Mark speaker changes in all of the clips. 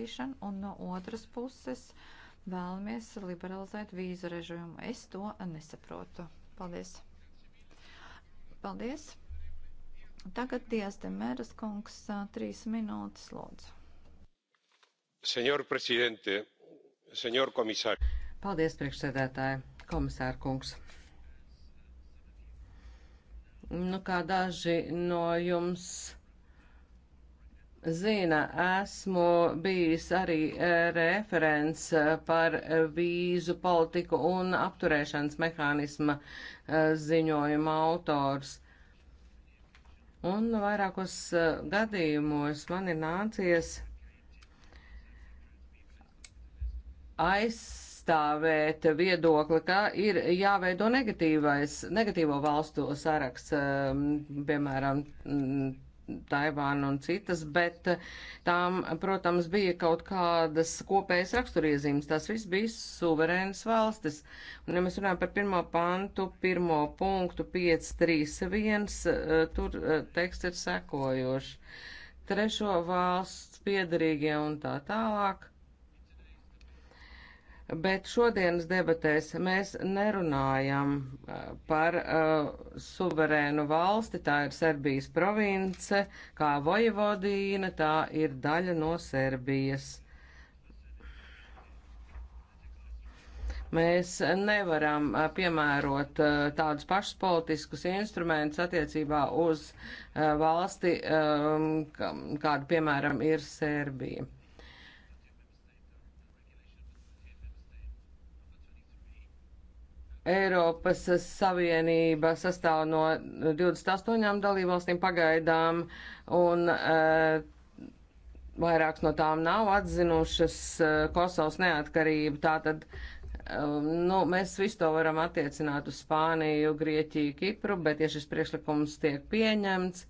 Speaker 1: izdarīšanu, un no otras puses vēlamies liberalizēt vīzu režīmu. Es to nesaprotu. Paldies! Paldies! Tagad Dievs Demēras kungs trīs minūtes lūdzu.
Speaker 2: Senjor prezidente, senjor komisār.
Speaker 1: Paldies, priekšsēdētāji,
Speaker 3: komisār kungs. Nu, kā daži no jums zina, esmu bijis arī e, referents e, par vīzu politiku un apturēšanas mehānisma e, ziņojuma autors. Un vairākos gadījumos man ir nācies aizstāvēt viedokli, ka ir jāveido negatīvais, negatīvo valstu saraksts, piemēram, Taivānu un citas, bet eh, tām, protams, bija kaut kādas kopējas raksturiezīmes. Tās viss bija suverēnas valstis. Un, ja mēs runājam par pirmo pantu, pirmo punktu 531, eh, tur eh, teksts ir sekojošs. Trešo valsts piedarīgie un tā tālāk Bet šodienas debatēs mēs nerunājam uh, par uh, suverēnu valsti, tā ir Serbijas province, kā Vojvodīna, tā ir daļa no Serbijas. Mēs nevaram uh, piemērot uh, tādus pašus politiskus instrumentus attiecībā uz uh, valsti, um, kāda, piemēram, ir Serbija. Eiropas Savienība sastāv no 28 dalībvalstīm pagaidām, un uh, vairākas no tām nav atzinušas uh, Kosovas neatkarību. Tātad um, nu, mēs visu to varam attiecināt uz Spāniju, Grieķiju, Kipru, bet ja šis priekšlikums tiek pieņemts,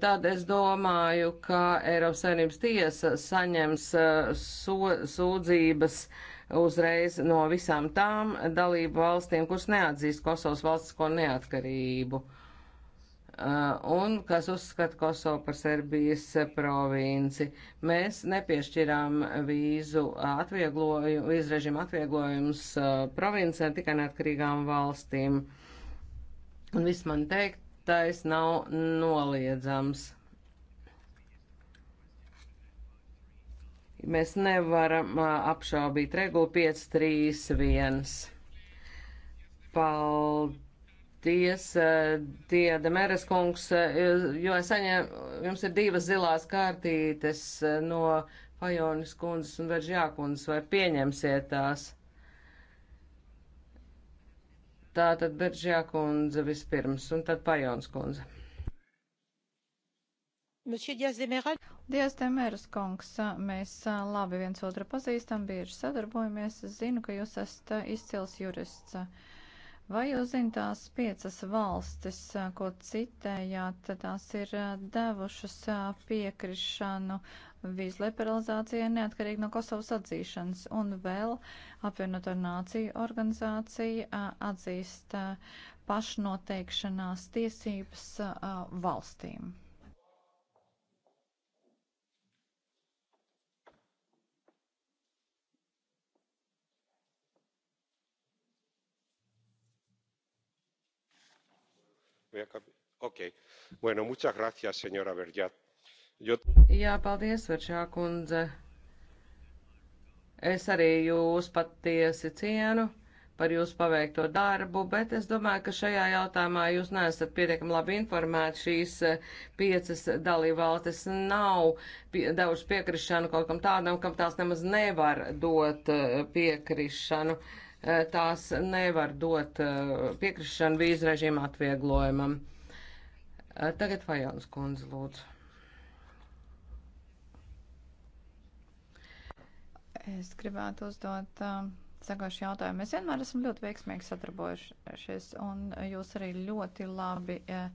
Speaker 3: Tad es domāju, ka Eiropas Savienības tiesa saņems uh, so, sūdzības uh, uzreiz no visām tām dalību valstīm, kuras neatzīst Kosovas valstisko neatkarību uh, un kas uzskata Kosovu par Serbijas provinci. Mēs nepiešķirām vīzu atvieglojumu, vīzrežīmu atvieglojums uh, provincē tikai neatkarīgām valstīm. Un viss man teiktais nav noliedzams. Mēs nevaram apšaubīt regulu 531. Paldies, Dieda Meres kungs, jo es saņēmu, jums ir divas zilās kārtītes no Fajonis kundzes un Veržjā kundzes, vai pieņemsiet tās? Tātad Beržjā kundze vispirms un tad Pajons kundze.
Speaker 1: Dievs, Demērs kungs, mēs labi viens otru pazīstam, bieži sadarbojamies. Es zinu, ka jūs esat izcils jurists. Vai jūs zināt tās piecas valstis, ko citējāt, tās ir devušas piekrišanu vīzu liberalizācijai neatkarīgi no Kosovas atzīšanas, un vēl apvienoto nāciju organizācija atzīst pašnoteikšanās tiesības valstīm?
Speaker 2: Bueno, muchas gracias, señora Verjat. Jo...
Speaker 3: Jā, paldies, Veršā kundze. Es arī jūs patiesi cienu par jūsu paveikto darbu, bet es domāju, ka šajā jautājumā jūs neesat pietiekami labi informēti. Šīs eh, piecas dalībvalstis nav pie, devušas piekrišanu kaut kam tādam, kam tās nemaz nevar dot eh, piekrišanu. Uh, Eh, tās nevar dot eh, piekrišanu vīzu režīmu atvieglojumam. Eh, tagad Fajons kundze lūdzu.
Speaker 1: Es gribētu uzdot uh, sekošu jautājumu. Mēs vienmēr esam ļoti veiksmīgi sadarbojušies, un jūs arī ļoti labi uh,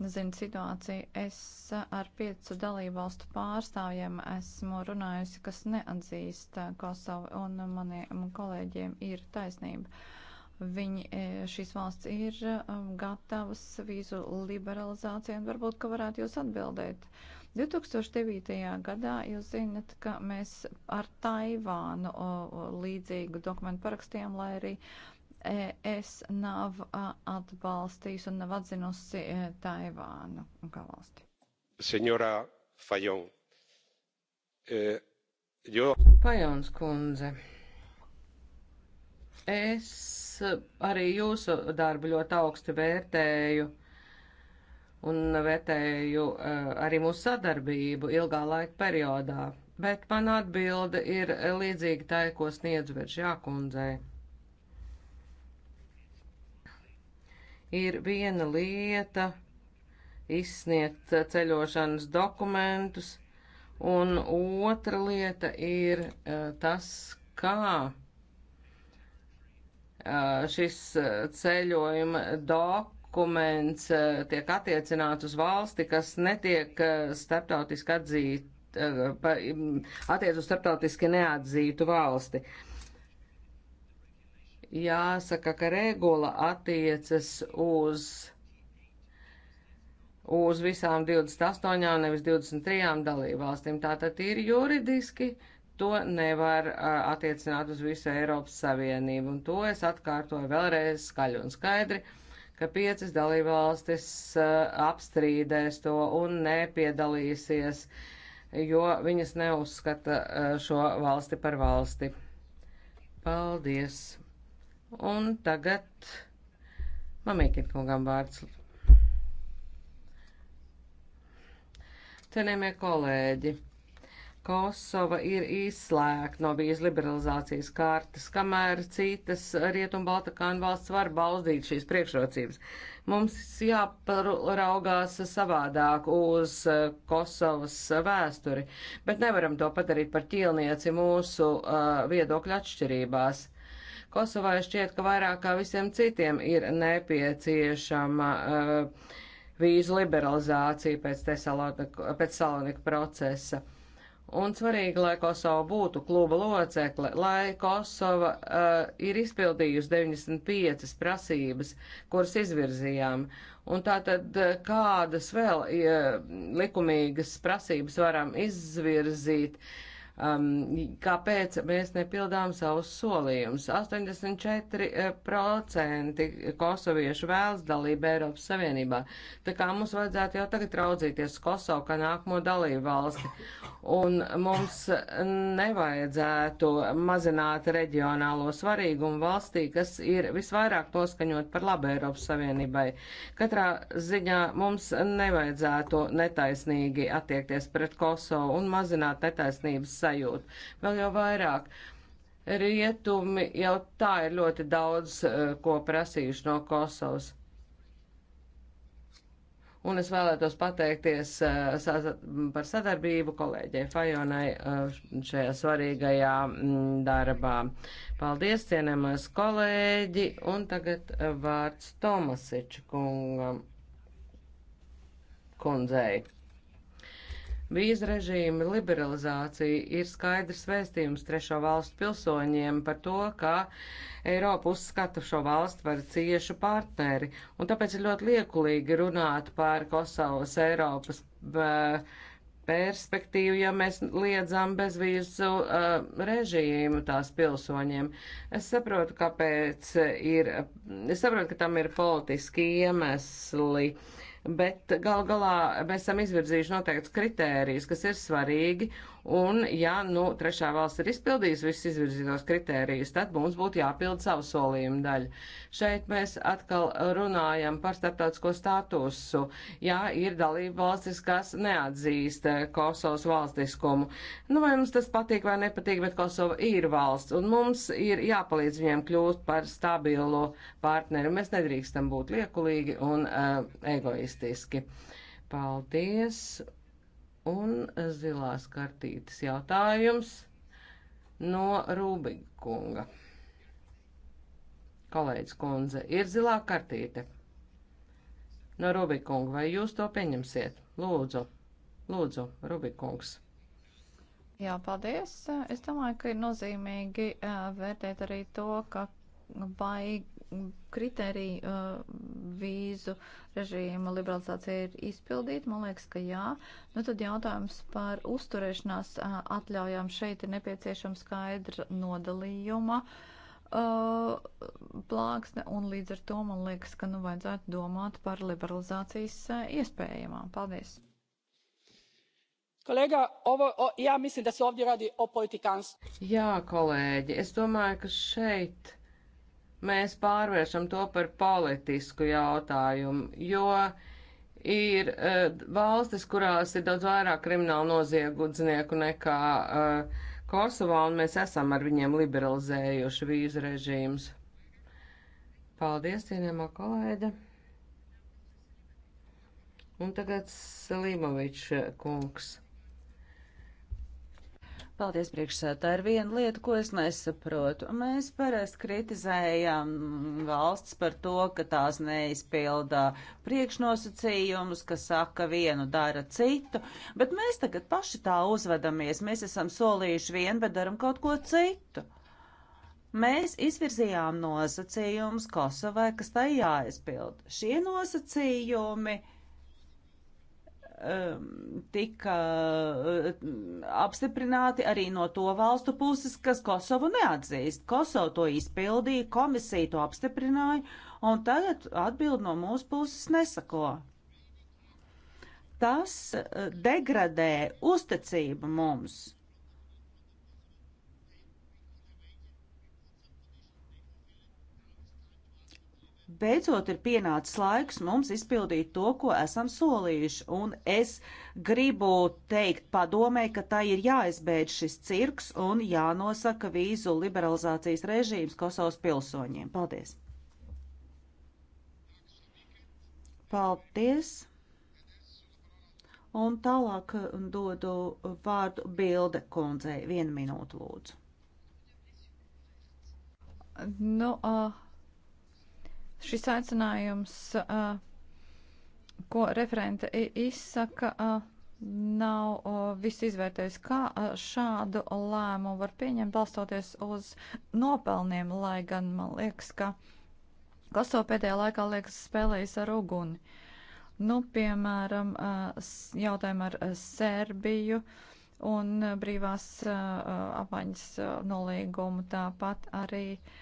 Speaker 1: zinu situāciju. Es ar piecu dalību valstu pārstāvjiem esmu runājusi, kas neatzīst Kosovu, un maniem kolēģiem ir taisnība. Viņi, e, šīs valsts ir gatavas vīzu liberalizācijai, un varbūt, ka varētu jūs atbildēt. 2009. gadā jūs zinat, ka mēs ar Taivānu o, o, līdzīgu dokumentu parakstījām, lai arī uh, es nav atbalstījusi un nav atzinusi e, Taivānu kā valsti.
Speaker 2: Senjora Fajon. E, jo...
Speaker 3: Fajons kundze. Es arī jūsu darbu ļoti augstu vērtēju un vērtēju uh, arī mūsu sadarbību ilgā laika periodā, bet man atbilde ir līdzīga tai, ko sniedzu Veržjā kundzei. Ir viena lieta izsniegt ceļošanas dokumentus, un otra lieta ir eh, tas, kā eh, šis eh, ceļojuma dokuments tiek attiecināts uz valsti, kas netiek starptautiski atzīt, mm, attiec uz starptautiski neatzītu valsti. Uh, jāsaka, ka regula attiecas uz uz visām 28, nevis 23 dalībvalstīm. Tātad ir juridiski, to nevar uh, attiecināt uz visu Eiropas Savienību. Un to es atkārtoju vēlreiz skaļi un skaidri, ka piecas dalībvalstis uh, apstrīdēs to un nepiedalīsies, jo viņas neuzskata uh, šo valsti par valsti. Paldies! Un tagad mamīkin kungam vārds. Cienījamie kolēģi, Kosova ir izslēgta no vīzu liberalizācijas kārtas, kamēr citas Rietumbaltakānu valsts var baudīt šīs priekšrocības. Mums jāparaugās savādāk uz Kosovas vēsturi, bet nevaram to padarīt par ķīlnieci mūsu uh, viedokļu atšķirībās. Uh, Kosovai šķiet, ka vairāk kā visiem citiem ir nepieciešama uh, vīzu liberalizācija pēc, pēc Salonika procesa. Un svarīgi, lai Kosova būtu kluba locekle, lai Kosova uh, ir izpildījusi 95 prasības, kuras izvirzījām. Un tātad eh, kādas vēl uh, likumīgas prasības varam izvirzīt? Uh, um, kāpēc mēs nepildām savus solījumus. 84% eh, kosoviešu vēlas dalību Eiropas Savienībā, tā kā mums vajadzētu jau tagad raudzīties Kosovu kā nākamo dalību valsti, un mums nevajadzētu mazināt reģionālo svarīgumu valstī, kas ir visvairāk noskaņot par labu Eiropas Savienībai. Katrā ziņā mums nevajadzētu netaisnīgi attiekties pret Kosovu un mazināt netaisnības sajūta. Vēl jau vairāk. Rietumi jau tā ir ļoti daudz, eh, ko prasījuši no Kosovas. Un es vēlētos pateikties eh, par sadarbību kolēģei Fajonai eh, šajā svarīgajā mm, darbā. Paldies, cienamais kolēģi, un tagad vārds Tomasiču kungam kundzei. Vīza režīma liberalizācija ir skaidrs vēstījums trešo valstu pilsoņiem par to, ka Eiropa uzskata šo valstu par ciešu partneri, un tāpēc ir ļoti liekulīgi runāt par Kosovas Eiropas perspektīvu, ja mēs liedzam bezvīzu uh, režīmu tās pilsoņiem. Es saprotu, kāpēc ir, es saprotu, ka tam ir politiski iemesli. Uh, bet gal galā mēs esam izvirzījuši noteikts kritērijus, kas ir svarīgi, Un, ja nu, trešā valsts ir izpildījusi visus izvirzītos kritērijus, tad mums būtu jāpild savu solījumu daļu. Šeit mēs atkal runājam par starptautisko statusu. Jā, ir dalība valstis, kas neatzīst eh, Kosovas valstiskumu. Nu, vai mums tas patīk vai nepatīk, bet Kosova ir valsts, un mums ir jāpalīdz viņiem kļūt par stabilu partneri. Mēs nedrīkstam būt liekulīgi un uh, egoistiski. Paldies! Un zilās kartītes jautājums no Rūbiga kunga. Kolēģis kundze, ir zilā kartīte. No Rūbiga kunga, vai jūs to pieņemsiet? Lūdzu, lūdzu, Rūbiga kungs.
Speaker 1: Jā, paldies. Es domāju, ka ir nozīmīgi eh, vērtēt arī to, ka vai kriteriji uh, vīzu režīma liberalizācija ir izpildīta? Man liekas, ka jā. Nu, tad jautājums par uzturēšanās uh, atļaujām. Šeit ir nepieciešama skaidra nodalījuma uh, plāksne, un līdz ar to man liekas, ka nu vajadzētu domāt par liberalizācijas uh, iespējamām. Paldies! Kolega, ovo, o, ja mislim da se ovdje radi
Speaker 4: o politikanstvu.
Speaker 3: Jā, kolēģi, es domāju, ka šeit mēs pārvēršam to par politisku jautājumu, jo ir uh, valstis, kurās ir daudz vairāk kriminālu noziegudznieku nekā uh, Kosovā, un mēs esam ar viņiem liberalizējuši vīzu režīmus. Paldies, cienījamā kolēģe!
Speaker 4: Un tagad Salimovičs kungs. Paldies, priekšsētā. Ir viena lieta, ko es nesaprotu. Mēs parasti kritizējam valsts par to, ka tās neizpildā priekšnosacījumus, ka saka vienu, dara citu, bet mēs tagad paši tā uzvedamies. Mēs esam solījuši vienu, bet daram kaut ko citu. Mēs izvirzījām nosacījumus Kosovai, kas tai jāizpild. Šie nosacījumi Um, tika uh, apstiprināti arī no to valstu puses, kas Kosovu neatzīst. Kosovu to izpildīja, komisija to apstiprināja, un tagad atbild no mūsu puses nesako. Tas uh, degradē uzticību mums. beidzot ir pienācis laiks mums izpildīt to, ko esam solījuši. Un es gribu teikt padomē, ka tā ir jāizbeidz šis cirks un jānosaka vīzu liberalizācijas režīms Kosovas pilsoņiem. Paldies! Paldies! Un tālāk dodu vārdu Bilde kundzei. Vienu minūtu lūdzu. Nu, uh,
Speaker 1: Šis aicinājums, ko referente izsaka, nav viss izvērtējis, kā šādu lēmumu var pieņemt, balstoties uz nopelniem, lai gan man liekas, ka Kosovo pēdējā laikā liekas spēlējis ar uguni. Nu, piemēram, jautājumu ar Serbiju un brīvās apaņas nolīgumu tāpat arī. Uh,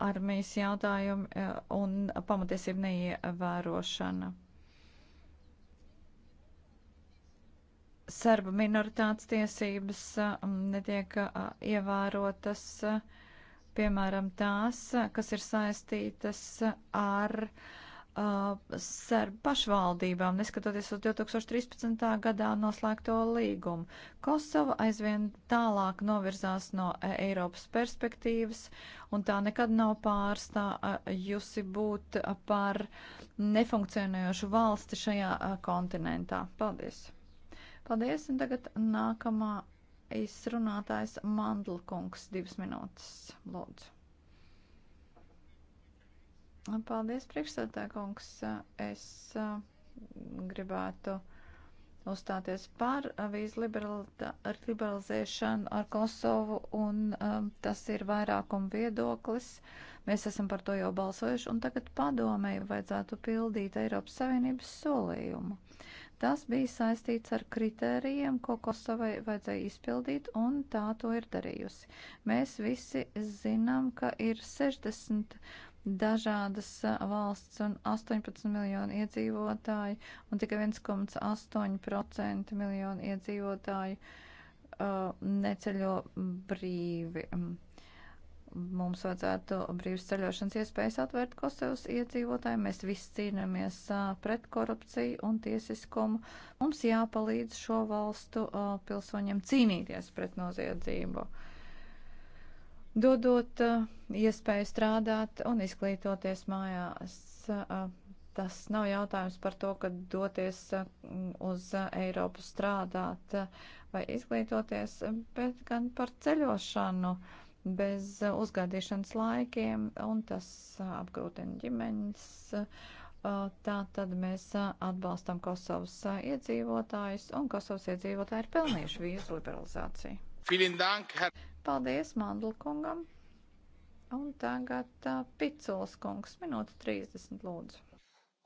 Speaker 1: armijas jautājumi e, un pamatiesību neievērošana. Serba minoritātes tiesības e, netiek e, ievērotas, piemēram, tās, kas ir saistītas ar uh, uh, serb pašvaldībām, neskatoties uz 2013. gadā noslēgto līgumu. Kosova aizvien tālāk novirzās no e- Eiropas perspektīvas, un tā nekad nav pārstājusi uh, būt par nefunkcionējošu valsti šajā uh, kontinentā. Paldies! Paldies, un tagad nākamā izrunātājs Mandlkungs, divas minūtes, lūdzu. Paldies, priekšsētā kungs. Es uh, gribētu uzstāties par vīzu liberalizēšanu ar Kosovu, un um, tas ir vairākuma viedoklis. Mēs esam par to jau balsojuši, un tagad padomēji vajadzētu pildīt Eiropas Savienības solījumu. Tas bija saistīts ar kritērijiem, ko Kosovai vajadzēja izpildīt, un tā to ir darījusi. Mēs visi zinām, ka ir 60 dažādas valsts un 18 miljonu iedzīvotāju un tikai 1,8% miljonu iedzīvotāju uh, neceļo brīvi. Mums vajadzētu brīvas ceļošanas iespējas atvērt Kosovas iedzīvotājiem. Mēs visi cīnāmies uh, pret korupciju un tiesiskumu. Mums jāpalīdz šo valstu uh, pilsoņiem cīnīties pret noziedzību. Uh, dodot uh, iespēju strādāt un izglītoties mājās. Uh, tas nav jautājums par to, ka doties uh, uz Eiropu strādāt vai izglītoties, bet gan par ceļošanu bez uzgādīšanas laikiem, un tas apgrūtina ģimeņas. Tā tad mēs atbalstam Kosovas iedzīvotājus, un Kosovas iedzīvotāji ir pelnījuši vīzu liberalizāciju. Paldies Mandlkungam. Un tagad uh, Picols
Speaker 4: kungs, minūte 30 lūdzu.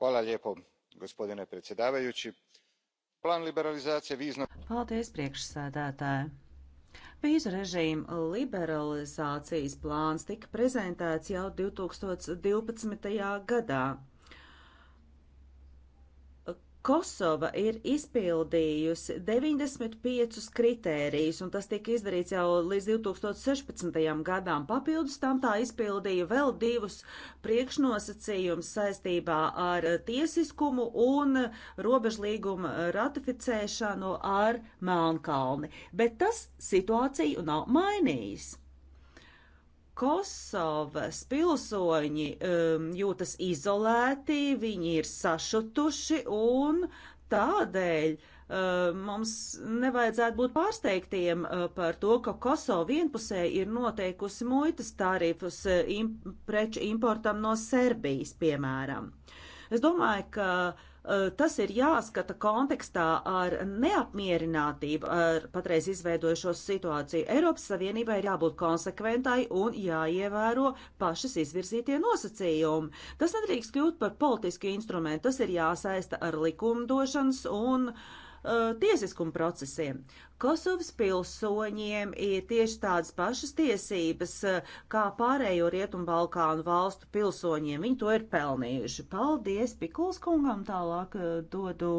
Speaker 2: Hvala lijepo, gospodine predsjedavajući. Plan liberalizacije viznog...
Speaker 4: Paldies priekšsēdētāji. Vīzu režīmu liberalizācijas plāns tika prezentēts jau 2012. gadā. Kosova ir izpildījusi 95 kritērijus, un tas tika izdarīts jau līdz 2016. gadām. Papildus tam tā izpildīja vēl divus priekšnosacījumus saistībā ar tiesiskumu un robežlīgumu ratificēšanu ar Melnkalni. Bet tas situāciju nav mainījis. Kosovas pilsoņi um, jūtas izolēti, viņi ir sašutuši un tādēļ uh, mums nevajadzētu būt pārsteigtiem uh, par to, ka Kosova vienpusē ir noteikusi muitas tarifus uh, im, preču importam no Serbijas, piemēram. Es domāju, ka uh, Eh, tas ir jāskata kontekstā ar neapmierinātību ar patreiz izveidojušos situāciju. Eiropas Savienībai ir jābūt konsekventai un jāievēro pašas izvirzītie nosacījumi. Tas nedrīkst kļūt par politisku instrumentu, tas ir jāsaista ar likumdošanas un uh, uh, tiesiskuma procesiem. Kosovas pilsoņiem ir tieši tādas pašas tiesības uh, kā pārējo Rietumbalkānu valstu pilsoņiem. Viņi to ir pelnījuši. Paldies Pikuls kungam, tālāk uh, dodu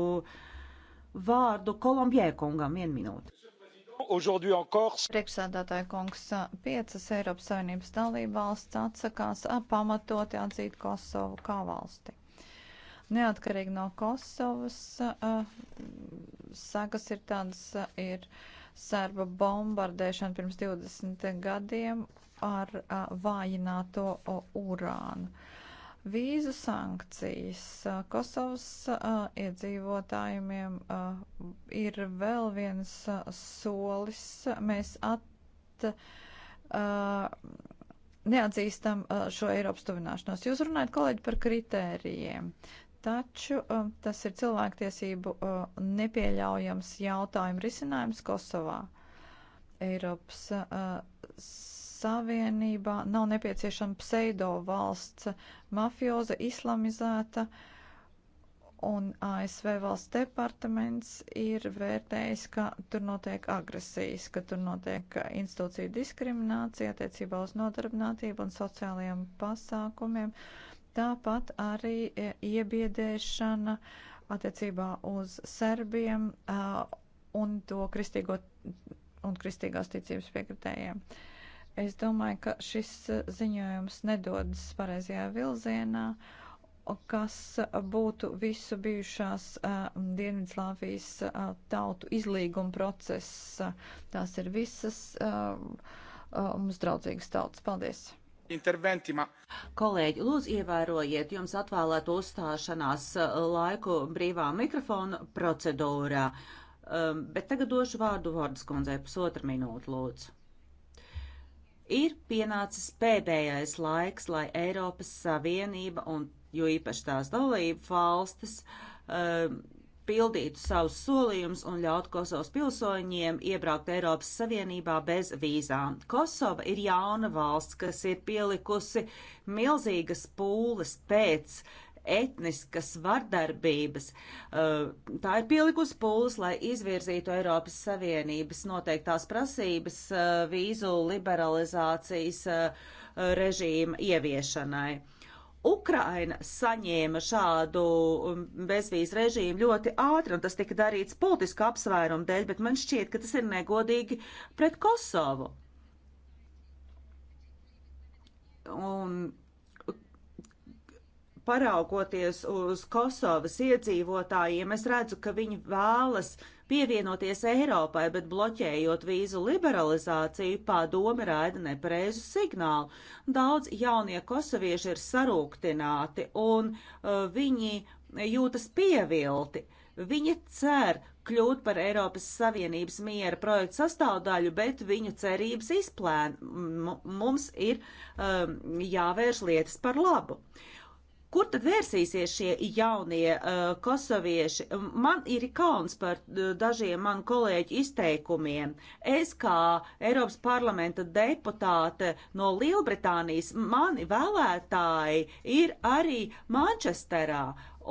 Speaker 4: vārdu Kolumbijai kungam vienu minūti.
Speaker 1: Priekšsēdētāja kungs, uh, piecas Eiropas Savienības dalībvalsts atsakās uh, pamatoti atzīt Kosovu kā valsti neatkarīgi no Kosovas. Eh, Sakas ir tādas, eh, ir sērba bombardēšana pirms 20 gadiem ar eh, vājināto urānu. Vīzu sankcijas Kosovas iedzīvotājiem ir vēl viens solis. Mēs at, neatzīstam šo Eiropas tuvināšanos. Jūs runājat, kolēģi, par kritērijiem. Taču um, tas ir cilvēktiesību um, nepieļaujams jautājumu risinājums Kosovā. Eiropas uh, Savienībā nav nepieciešama pseido valsts mafioza, islamizēta, un ASV valsts departaments ir vērtējis, ka tur notiek agresijas, ka tur notiek institūciju diskriminācija attiecībā uz nodarbinātību un sociālajiem pasākumiem. Uh, Tāpat arī e, iebiedēšana attiecībā uz serbiem un to kristīgo un kristīgās ticības piekritējiem. Es domāju, ka šis ziņojums nedodas pareizajā vilzienā, kas būtu visu bijušās uh, Dienvidslāvijas uh, tautu izlīguma process. Tās ir visas uh, uh, mums draudzīgas tautas. Paldies!
Speaker 2: Interventi, ma...
Speaker 4: Kolēģi, lūdzu ievērojiet jums atvēlēto uzstāšanās uh, laiku brīvā mikrofona procedūrā, um, bet tagad došu vārdu Vordas kundzei pusotru minūtu, lūdzu. Ir pienācis pēdējais laiks, lai Eiropas Savienība un jo īpaši tās dalību valstis um, pildītu savus solījumus un ļautu Kosovas pilsoņiem iebraukt Eiropas Savienībā bez vīzām. Kosova ir jauna valsts, kas ir pielikusi milzīgas pūles pēc etniskas vardarbības. Uh, tā ir pielikusi pūles, lai izvirzītu Eiropas Savienības noteiktās prasības uh, vīzu liberalizācijas uh, režīma ieviešanai. Ukraina saņēma šādu um, bezvīzu režīmu ļoti ātri, un tas tika darīts politisku apsvērumu dēļ, bet man šķiet, ka tas ir negodīgi pret Kosovu. Un paraugoties uz Kosovas iedzīvotājiem, es redzu, ka viņi vēlas uh, pievienoties Eiropai, bet bloķējot vīzu liberalizāciju, padome raida nepareizu signālu. Daudz jaunie kosovieši ir sarūktināti un uh, viņi jūtas pievilti. Viņi cer kļūt par Eiropas Savienības miera projektu sastāvdaļu, bet viņu cerības izplēna. M mums ir um, jāvērš lietas par labu. Uh, Kur tad vērsīsies šie jaunie uh, kosovieši? Man ir kauns par uh, dažiem manu kolēģu izteikumiem. Es kā Eiropas parlamenta deputāte no Lielbritānijas, mani vēlētāji ir arī Mančesterā.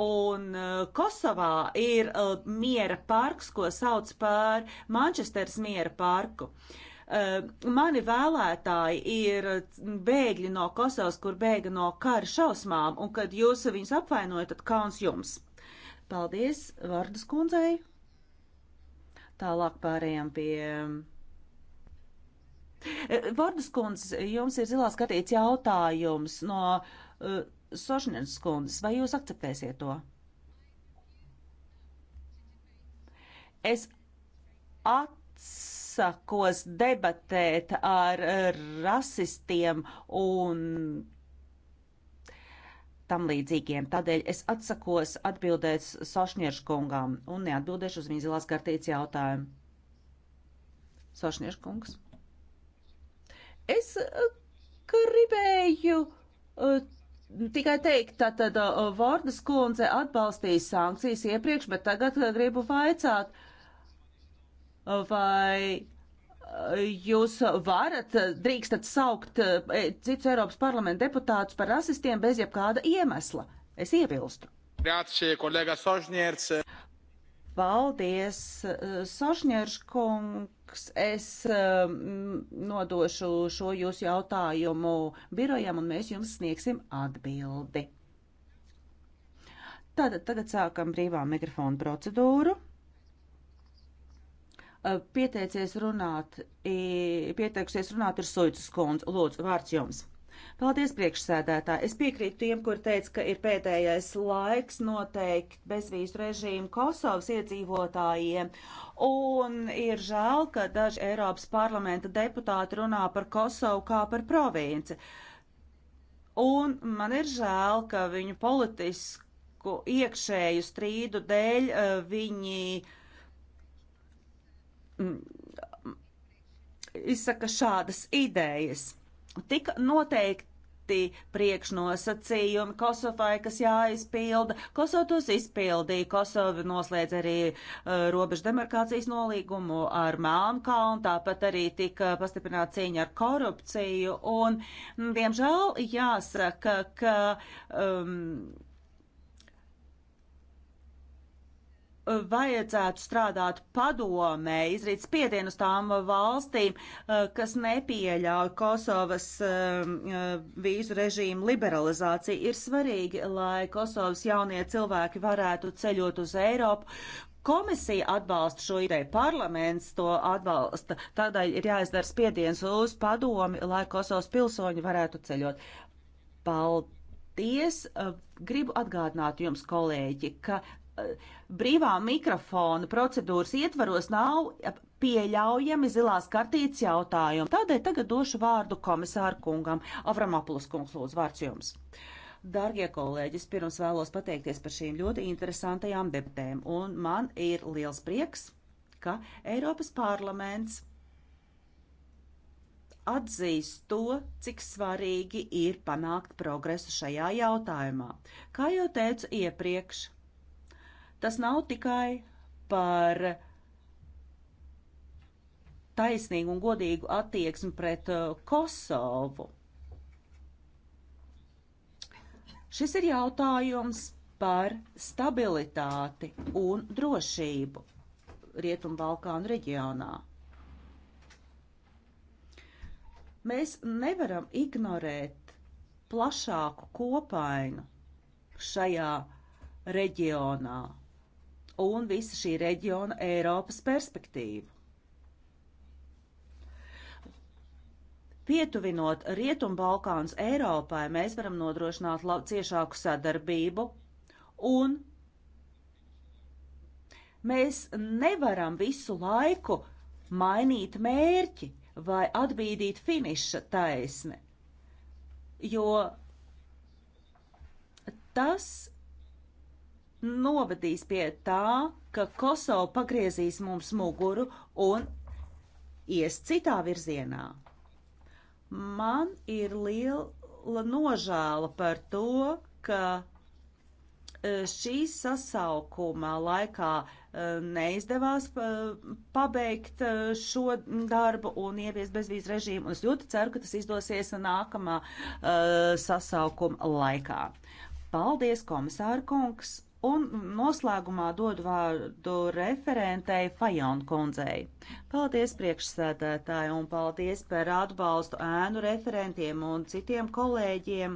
Speaker 4: Un uh, Kosovā ir uh, miera parks, ko sauc par Mančesteras miera parku. Uh, Eh, mani vēlētāji ir bēgļi no Kosovas, kur bēga no kara šausmām, un kad jūs viņus apvainojat, tad kauns jums. Paldies Vardas kundzei. Tālāk pārējām pie. Eh, Vardas kundze, jums ir zilā skatīts jautājums no uh, eh, Sošņēnas kundzes. Vai jūs akceptēsiet to? Es ats atsakos debatēt ar rasistiem un tam līdzīgiem. Tādēļ es atsakos atbildēt Sošņiešu kungām un neatbildēšu uz viņa zilās kartītes jautājumu. Sošņiešu kungs. Es uh, gribēju uh, tikai teikt, tātad uh, Vordas kundze atbalstīja sankcijas iepriekš, bet tagad gribu vaicāt, uh, vai eh, jūs varat, eh, drīkstat saukt eh, citus Eiropas parlamenta deputātus par rasistiem bez jebkāda iemesla. Es iebilstu.
Speaker 1: Grācie, kolēga Sožņērts.
Speaker 4: Paldies, Sožņērš kungs. Es nodošu šo jūsu jautājumu birojam un mēs jums sniegsim atbildi. Tātad tagad sākam brīvā mikrofona procedūru. Eh, pieteicies runāt, pieteikusies runāt ir Soicas kundze. Lūdzu, vārds jums. Paldies, priekšsēdētā. Es piekrītu tiem, kur teica, ka ir pēdējais laiks noteikt bezvīzu režīmu Kosovas iedzīvotājiem. Un ir žēl, ka daži Eiropas parlamenta deputāti runā par Kosovu kā par provinci. Un man ir žēl, ka viņu politisku iekšēju strīdu dēļ eh, viņi Mm, izsaka šādas idejas. Tika noteikti citi priekšnosacījumi Kosovai, kas jāizpilda. Kosovo tos izpildīja. Kosova noslēdz arī uh, robežu demarkācijas nolīgumu ar Melnkalnu, tāpat arī tika pastiprināta cīņa ar korupciju. Un, diemžēl, jāsaka, ka. Um, Eh, vajadzētu strādāt padomē, izrīt spiedienu uz tām valstīm, eh, kas nepieļauj Kosovas eh, vīzu režīmu liberalizāciju. Ir svarīgi, lai Kosovas jaunie cilvēki varētu ceļot uz Eiropu. Komisija atbalsta šo ideju, parlaments to atbalsta, tādēļ ir jāizdara spiediens uz padomi, lai Kosovas pilsoņi varētu ceļot. Paldies! Gribu atgādināt jums, kolēģi, ka Uh, brīvā mikrofona procedūras ietvaros nav pieļaujami zilās kartītes jautājumi. Tādēļ tagad došu vārdu komisāru kungam. Avramopulus kungs, lūdzu, vārds jums. Dargie kolēģi, pirms vēlos pateikties par šīm ļoti interesantajām debatēm, un man ir liels prieks, ka Eiropas parlaments atzīst to, cik svarīgi ir panākt progresu šajā jautājumā. Kā jau teicu iepriekš, Tas nav tikai par taisnīgu un godīgu attieksmi pret uh, Kosovu. Šis ir jautājums par stabilitāti un drošību Rietumbalkānu reģionā. Mēs nevaram ignorēt plašāku kopainu šajā reģionā un visa šī reģiona Eiropas perspektīvu. Pietuvinot Rietumbalkāns Eiropai, mēs varam nodrošināt ciešāku sadarbību un mēs nevaram visu laiku mainīt mērķi vai atbīdīt finiša taisni, jo tas novadīs pie tā, ka Kosovo pagriezīs mums muguru un ies citā virzienā. Man ir liela nožēla par to, ka e, šīs sasaukuma laikā e, neizdevās e, pabeigt šo darbu un ievies bezvīzu režīmu. Es ļoti ceru, ka tas izdosies nākamā sasaukuma laikā. Paldies, komisāra kungs! Un noslēgumā dodu vārdu referentei Fajonu kundzei. Paldies priekšsēdētāji un paldies par atbalstu ēnu referentiem un citiem kolēģiem,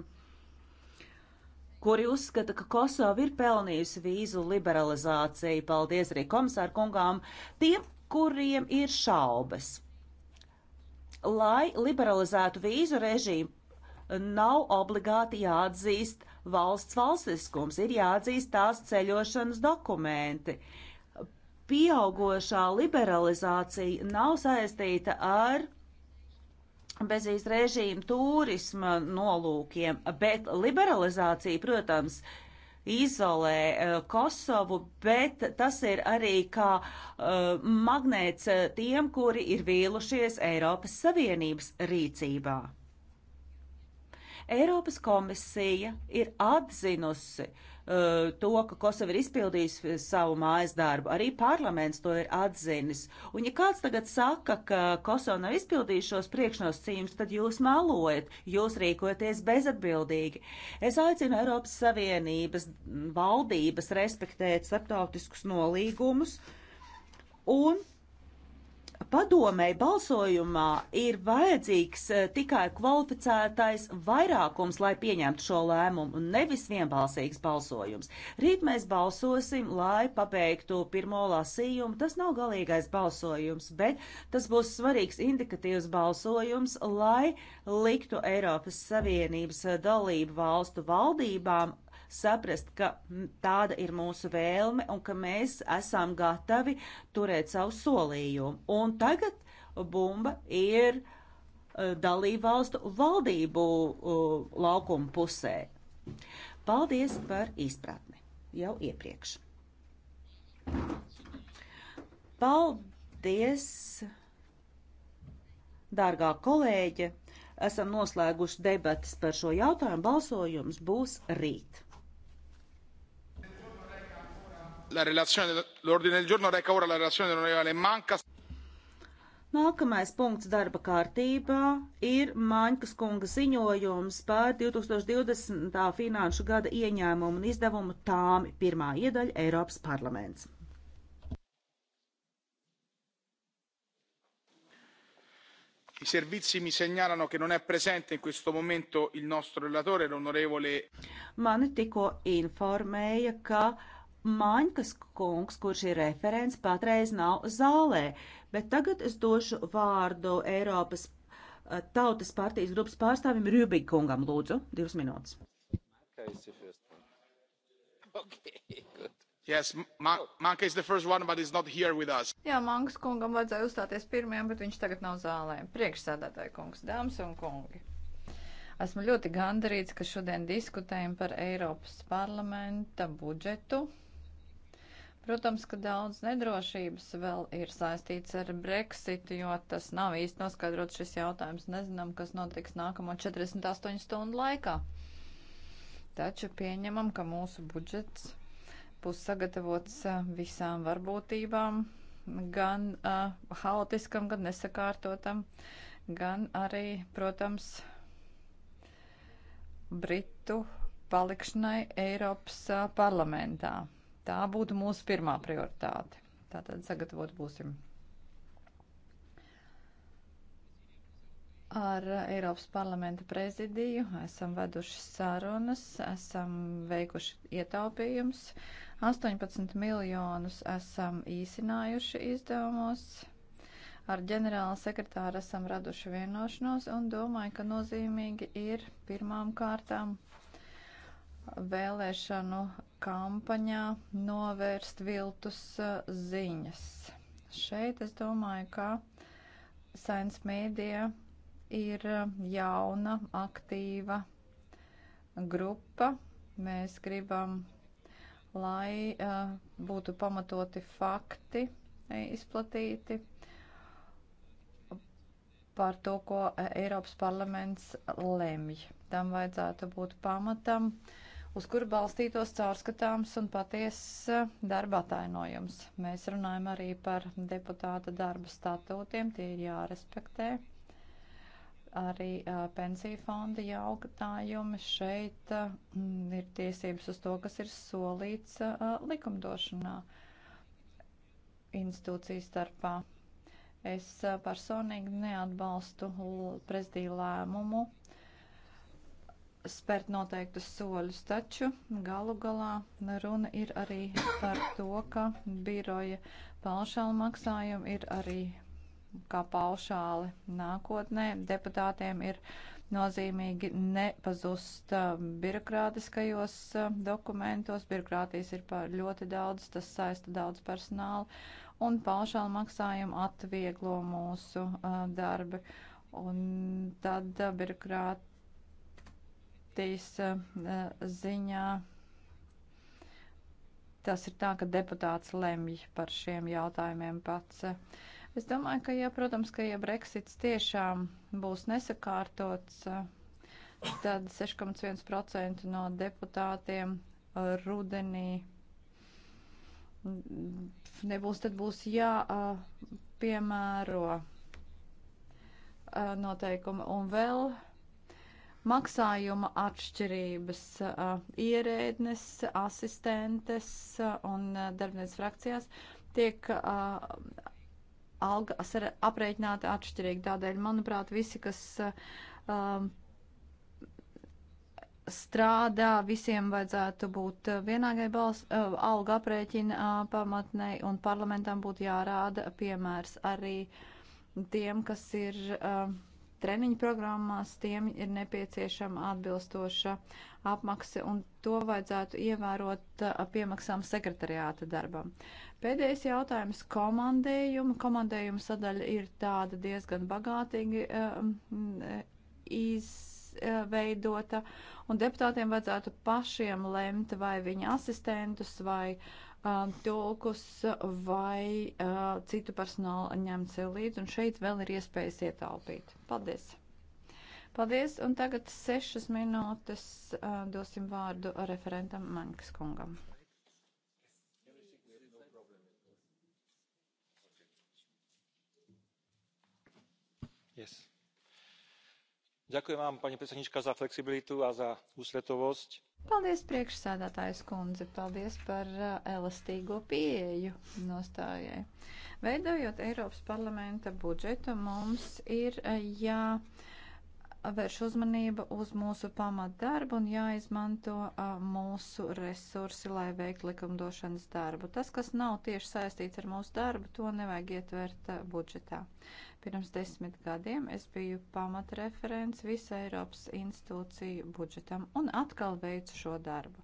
Speaker 4: kuri uzskata, ka Kosova ir pelnījusi vīzu liberalizāciju. Paldies arī komisāru kungām tiem, kuriem ir šaubas. Lai liberalizētu vīzu režīmu, nav obligāti jāatzīst valsts valstiskums, ir jāatzīst tās ceļošanas dokumenti. Pieaugošā liberalizācija nav saistīta ar bezīs režīmu turisma nolūkiem, bet liberalizācija, protams, izolē eh, Kosovu, bet tas ir arī kā uh, magnēts eh, tiem, kuri ir vīlušies Eiropas Savienības rīcībā. Eiropas komisija ir atzinusi uh, to, ka Kosova ir izpildījusi savu mājas darbu. Arī parlaments to ir atzinis. Un ja kāds tagad saka, ka Kosova nav izpildījusi šos priekšnosacījumus, tad jūs malojat, jūs rīkojaties bezatbildīgi. Es aicinu Eiropas Savienības valdības respektēt starptautiskus nolīgumus un padomēji balsojumā ir vajadzīgs eh, tikai kvalificētais vairākums, lai pieņemtu šo lēmumu, un nevis vienbalsīgs balsojums. Rīt mēs balsosim, lai pabeigtu pirmo lasījumu. Tas nav galīgais balsojums, bet tas būs svarīgs indikatīvs balsojums, lai liktu Eiropas Savienības dalību valstu valdībām saprast, ka tāda ir mūsu vēlme un ka mēs esam gatavi turēt savu solījumu. Un tagad bumba ir e, dalībvalstu valdību e, laukuma pusē. Paldies par izpratni jau iepriekš. Paldies, dārgā kolēģe! Esam noslēguši debatas par šo jautājumu. Balsojums būs rīt. L'ordine del
Speaker 2: giorno reca ora la relazione dell'onorevole Mankas.
Speaker 4: Nākamais punkts darba kārtībā ir Maņkas kunga ziņojums par 2020. finanšu gada ieņēmumu un izdevumu tām pirmā iedaļa Eiropas parlaments. I servizi mi segnalano che non è presente in questo momento il nostro relatore, l'onorevole. Mani tikko informēja, ka Maņkas kungs, kurš ir referents, patreiz nav zālē, bet tagad es došu vārdu Eiropas eh, Tautas partijas grupas pārstāvim Rubikungam, lūdzu, divas minūtes.
Speaker 2: Okay, yes, Ma Manka is the first one, but he's not here with us.
Speaker 1: Jā, Mankas kungam vajadzēja uzstāties pirmajam, bet viņš tagad nav zālē. Priekšsēdētāji kungs, dāmas un kungi. Esmu ļoti gandarīts, ka šodien diskutējam par Eiropas parlamenta budžetu Protams, ka daudz nedrošības vēl ir saistīts ar Brexitu, jo tas nav īsti noskaidrots šis jautājums. Nezinām, kas notiks nākamo 48 stundu laikā. Taču pieņemam, ka mūsu budžets būs sagatavots visām varbūtībām, gan uh, haotiskam, gan nesakārtotam, gan arī, protams, Britu palikšanai Eiropas uh, parlamentā. Tā būtu mūsu pirmā prioritāte. Tātad sagatavot būsim ar Eiropas parlamenta prezidiju, esam veduši sarunas, esam veikuši ietaupījums, 18 miljonus esam īsinājuši izdevumos. Ar ģenerāla sekretāru esam raduši vienošanos un domāju, ka nozīmīgi ir pirmām kārtām vēlēšanu kampaņā novērst viltus ziņas. Šeit es domāju, ka Science Media ir jauna, aktīva grupa. Mēs gribam, lai uh, būtu pamatoti fakti izplatīti par to, ko Eiropas parlaments lemj. Tam vajadzētu būt pamatam. Uh, uz kur balstītos caurskatāms un paties eh, darba atainojums. Mēs runājam arī par deputāta darba statūtiem, tie ir jārespektē. Arī uh, pensiju fonda jautājumi šeit uh, ir tiesības uz to, kas ir solīts uh, likumdošanā institūciju starpā. Es personīgi neatbalstu prezidiju lēmumu uh, spērt noteiktus soļus, taču galu galā runa ir arī par to, ka biroja paušāla maksājumi ir arī kā paušāli nākotnē. Deputātiem ir nozīmīgi nepazust uh, birokrātiskajos uh, dokumentos. Birokrātijas ir par ļoti daudz, tas saista daudz personālu, un paušāli maksājumi atvieglo mūsu uh, darbi. Un tad birokrāti partijas eh, eh, ziņā tas ir tā, ka deputāts lemj par šiem jautājumiem pats. Es domāju, ka, ja, protams, ka, ja Brexits tiešām būs nesakārtots, tad 6,1% no deputātiem rudenī nebūs, tad būs jāpiemēro eh, noteikumi. Un vēl maksājuma atšķirības ierēdnes, asistentes un darbinieks frakcijās tiek algas aprēķināta atšķirīgi. Tādēļ, manuprāt, visi, kas strādā, visiem vajadzētu būt vienāgai balss, alga aprēķina pamatnei un parlamentam būtu jārāda piemērs arī tiem, kas ir uh, treniņu programmās, tiem ir nepieciešama atbilstoša apmaksa, un to vajadzētu ievērot piemaksām sekretariāta darbam. Pēdējais jautājums - komandējuma. Komandējuma sadaļa ir tāda diezgan bagātīgi um, iz izveidota, eh, un deputātiem vajadzētu pašiem lemt, vai viņa asistentus, vai uh, tulkus, vai uh, citu personālu ņemt sev līdzi, un šeit vēl ir iespējas ietaupīt. Paldies! Paldies, un tagad sešas minūtes uh, dosim vārdu referentam Mankas kungam.
Speaker 2: Yes. Ďakujem vám, pani predsednička, za flexibilitu a za úsvetovosť.
Speaker 1: Paldies, priekšsēdētājs kundze, paldies par eh, elastīgo pieeju nostājai. Veidojot Eiropas parlamenta budžetu, mums ir eh, jā. Ja vērš uzmanība uz mūsu pamatdarbu un jāizmanto eh, mūsu resursi, lai veiktu likumdošanas darbu. Tas, kas nav tieši saistīts ar mūsu darbu, to nevajag ietvert budžetā. Pirms desmit gadiem es biju pamatreferents visai Eiropas institūciju budžetam un atkal veicu šo darbu.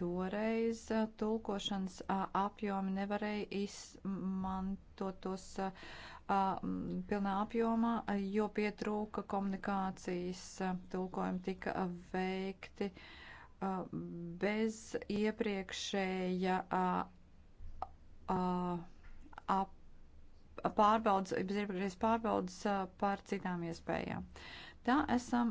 Speaker 1: Toreiz tulkošanas apjomi nevarēja izmantot tos pilnā apjomā, jo pietrūka komunikācijas, tulkojumi tika veikti bez iepriekšēja ap pārbaudas, iepriekšējais pārbaudas par citām iespējām. Tā esam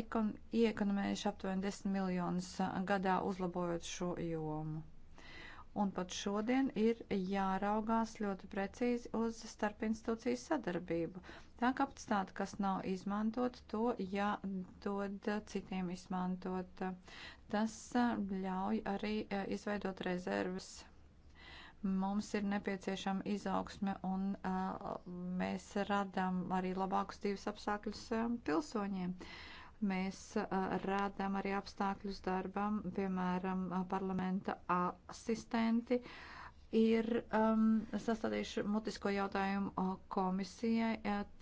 Speaker 1: ekon, iekonomējuši aptuveni 10 miljonus gadā uzlabojot šo jomu. Un pat šodien ir jāraugās ļoti precīzi uz starpinstitūciju sadarbību. Tā kapacitāte, kas nav izmantota, to jādod citiem izmantot. Tas ļauj arī izveidot rezerves Mums ir nepieciešama izaugsme un uh, mēs radām arī labākus dzīves apstākļus uh, pilsoņiem. Mēs uh, rādām arī apstākļus darbam, piemēram, parlamenta asistenti ir um, sastādījuši mutisko jautājumu komisijai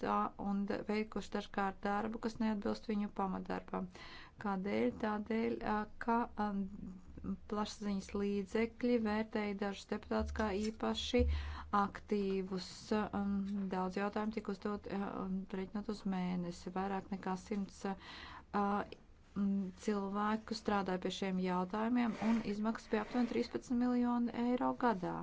Speaker 1: tā, un veikuši dažkārt darbu, kas neatbilst viņu pamatdarbam. Kādēļ? Tādēļ, ka plašsaziņas līdzekļi vērtēja dažus deputātus kā īpaši aktīvus. Um, daudz jautājumu tika uzdot uh, um, reiķinot uz mēnesi. Vairāk nekā simts uh, mm, cilvēku strādāja pie šiem jautājumiem un izmaksas bija aptuveni 13 miljoni eiro gadā.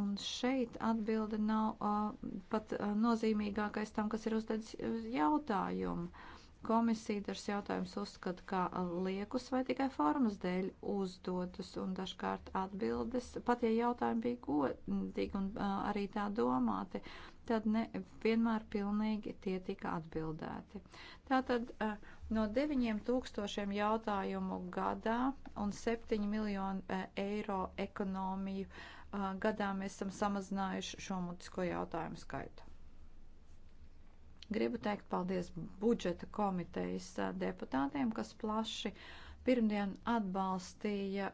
Speaker 1: Un šeit atbilde nav uh, pat uh, nozīmīgākais tam, kas ir uzdevis jautājumu. Uh, Komisija dažs jautājums uzskata kā liekus vai tikai formas dēļ uzdotus un dažkārt atbildes, pat ja jautājumi bija godīgi un arī tā domāti, tad ne vienmēr pilnīgi tie tika atbildēti. Tātad no 9000 jautājumu gadā un 7 miljonu eiro ekonomiju gadā mēs esam samazinājuši šo mutisko jautājumu skaitu. Gribu teikt paldies budžeta komitejas deputātiem, kas plaši pirmdien atbalstīja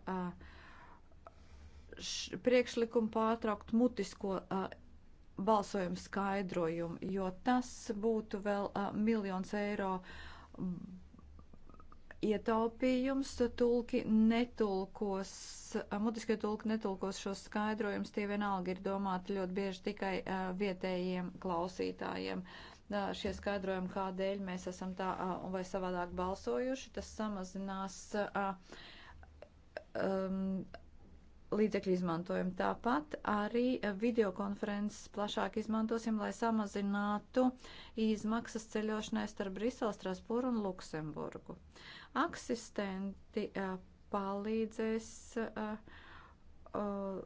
Speaker 1: priekšlikumu pārtraukt mutisko balsojumu skaidrojumu, jo tas būtu vēl miljons eiro ietaupījums, tulki netulkos, mutiskie tulki netulkos šos skaidrojumus, tie vienalga ir domāti ļoti bieži tikai vietējiem klausītājiem. Uh, šie skaidrojumi, kādēļ mēs esam tā vai savādāk balsojuši. Tas samazinās um, līdzekļu izmantojumu. Tāpat arī videokonferences plašāk izmantosim, lai samazinātu izmaksas ceļošanai starp Briselu, Strasbūru un Luksemburgu. Aksistenti uh, palīdzēs. Uh, uh,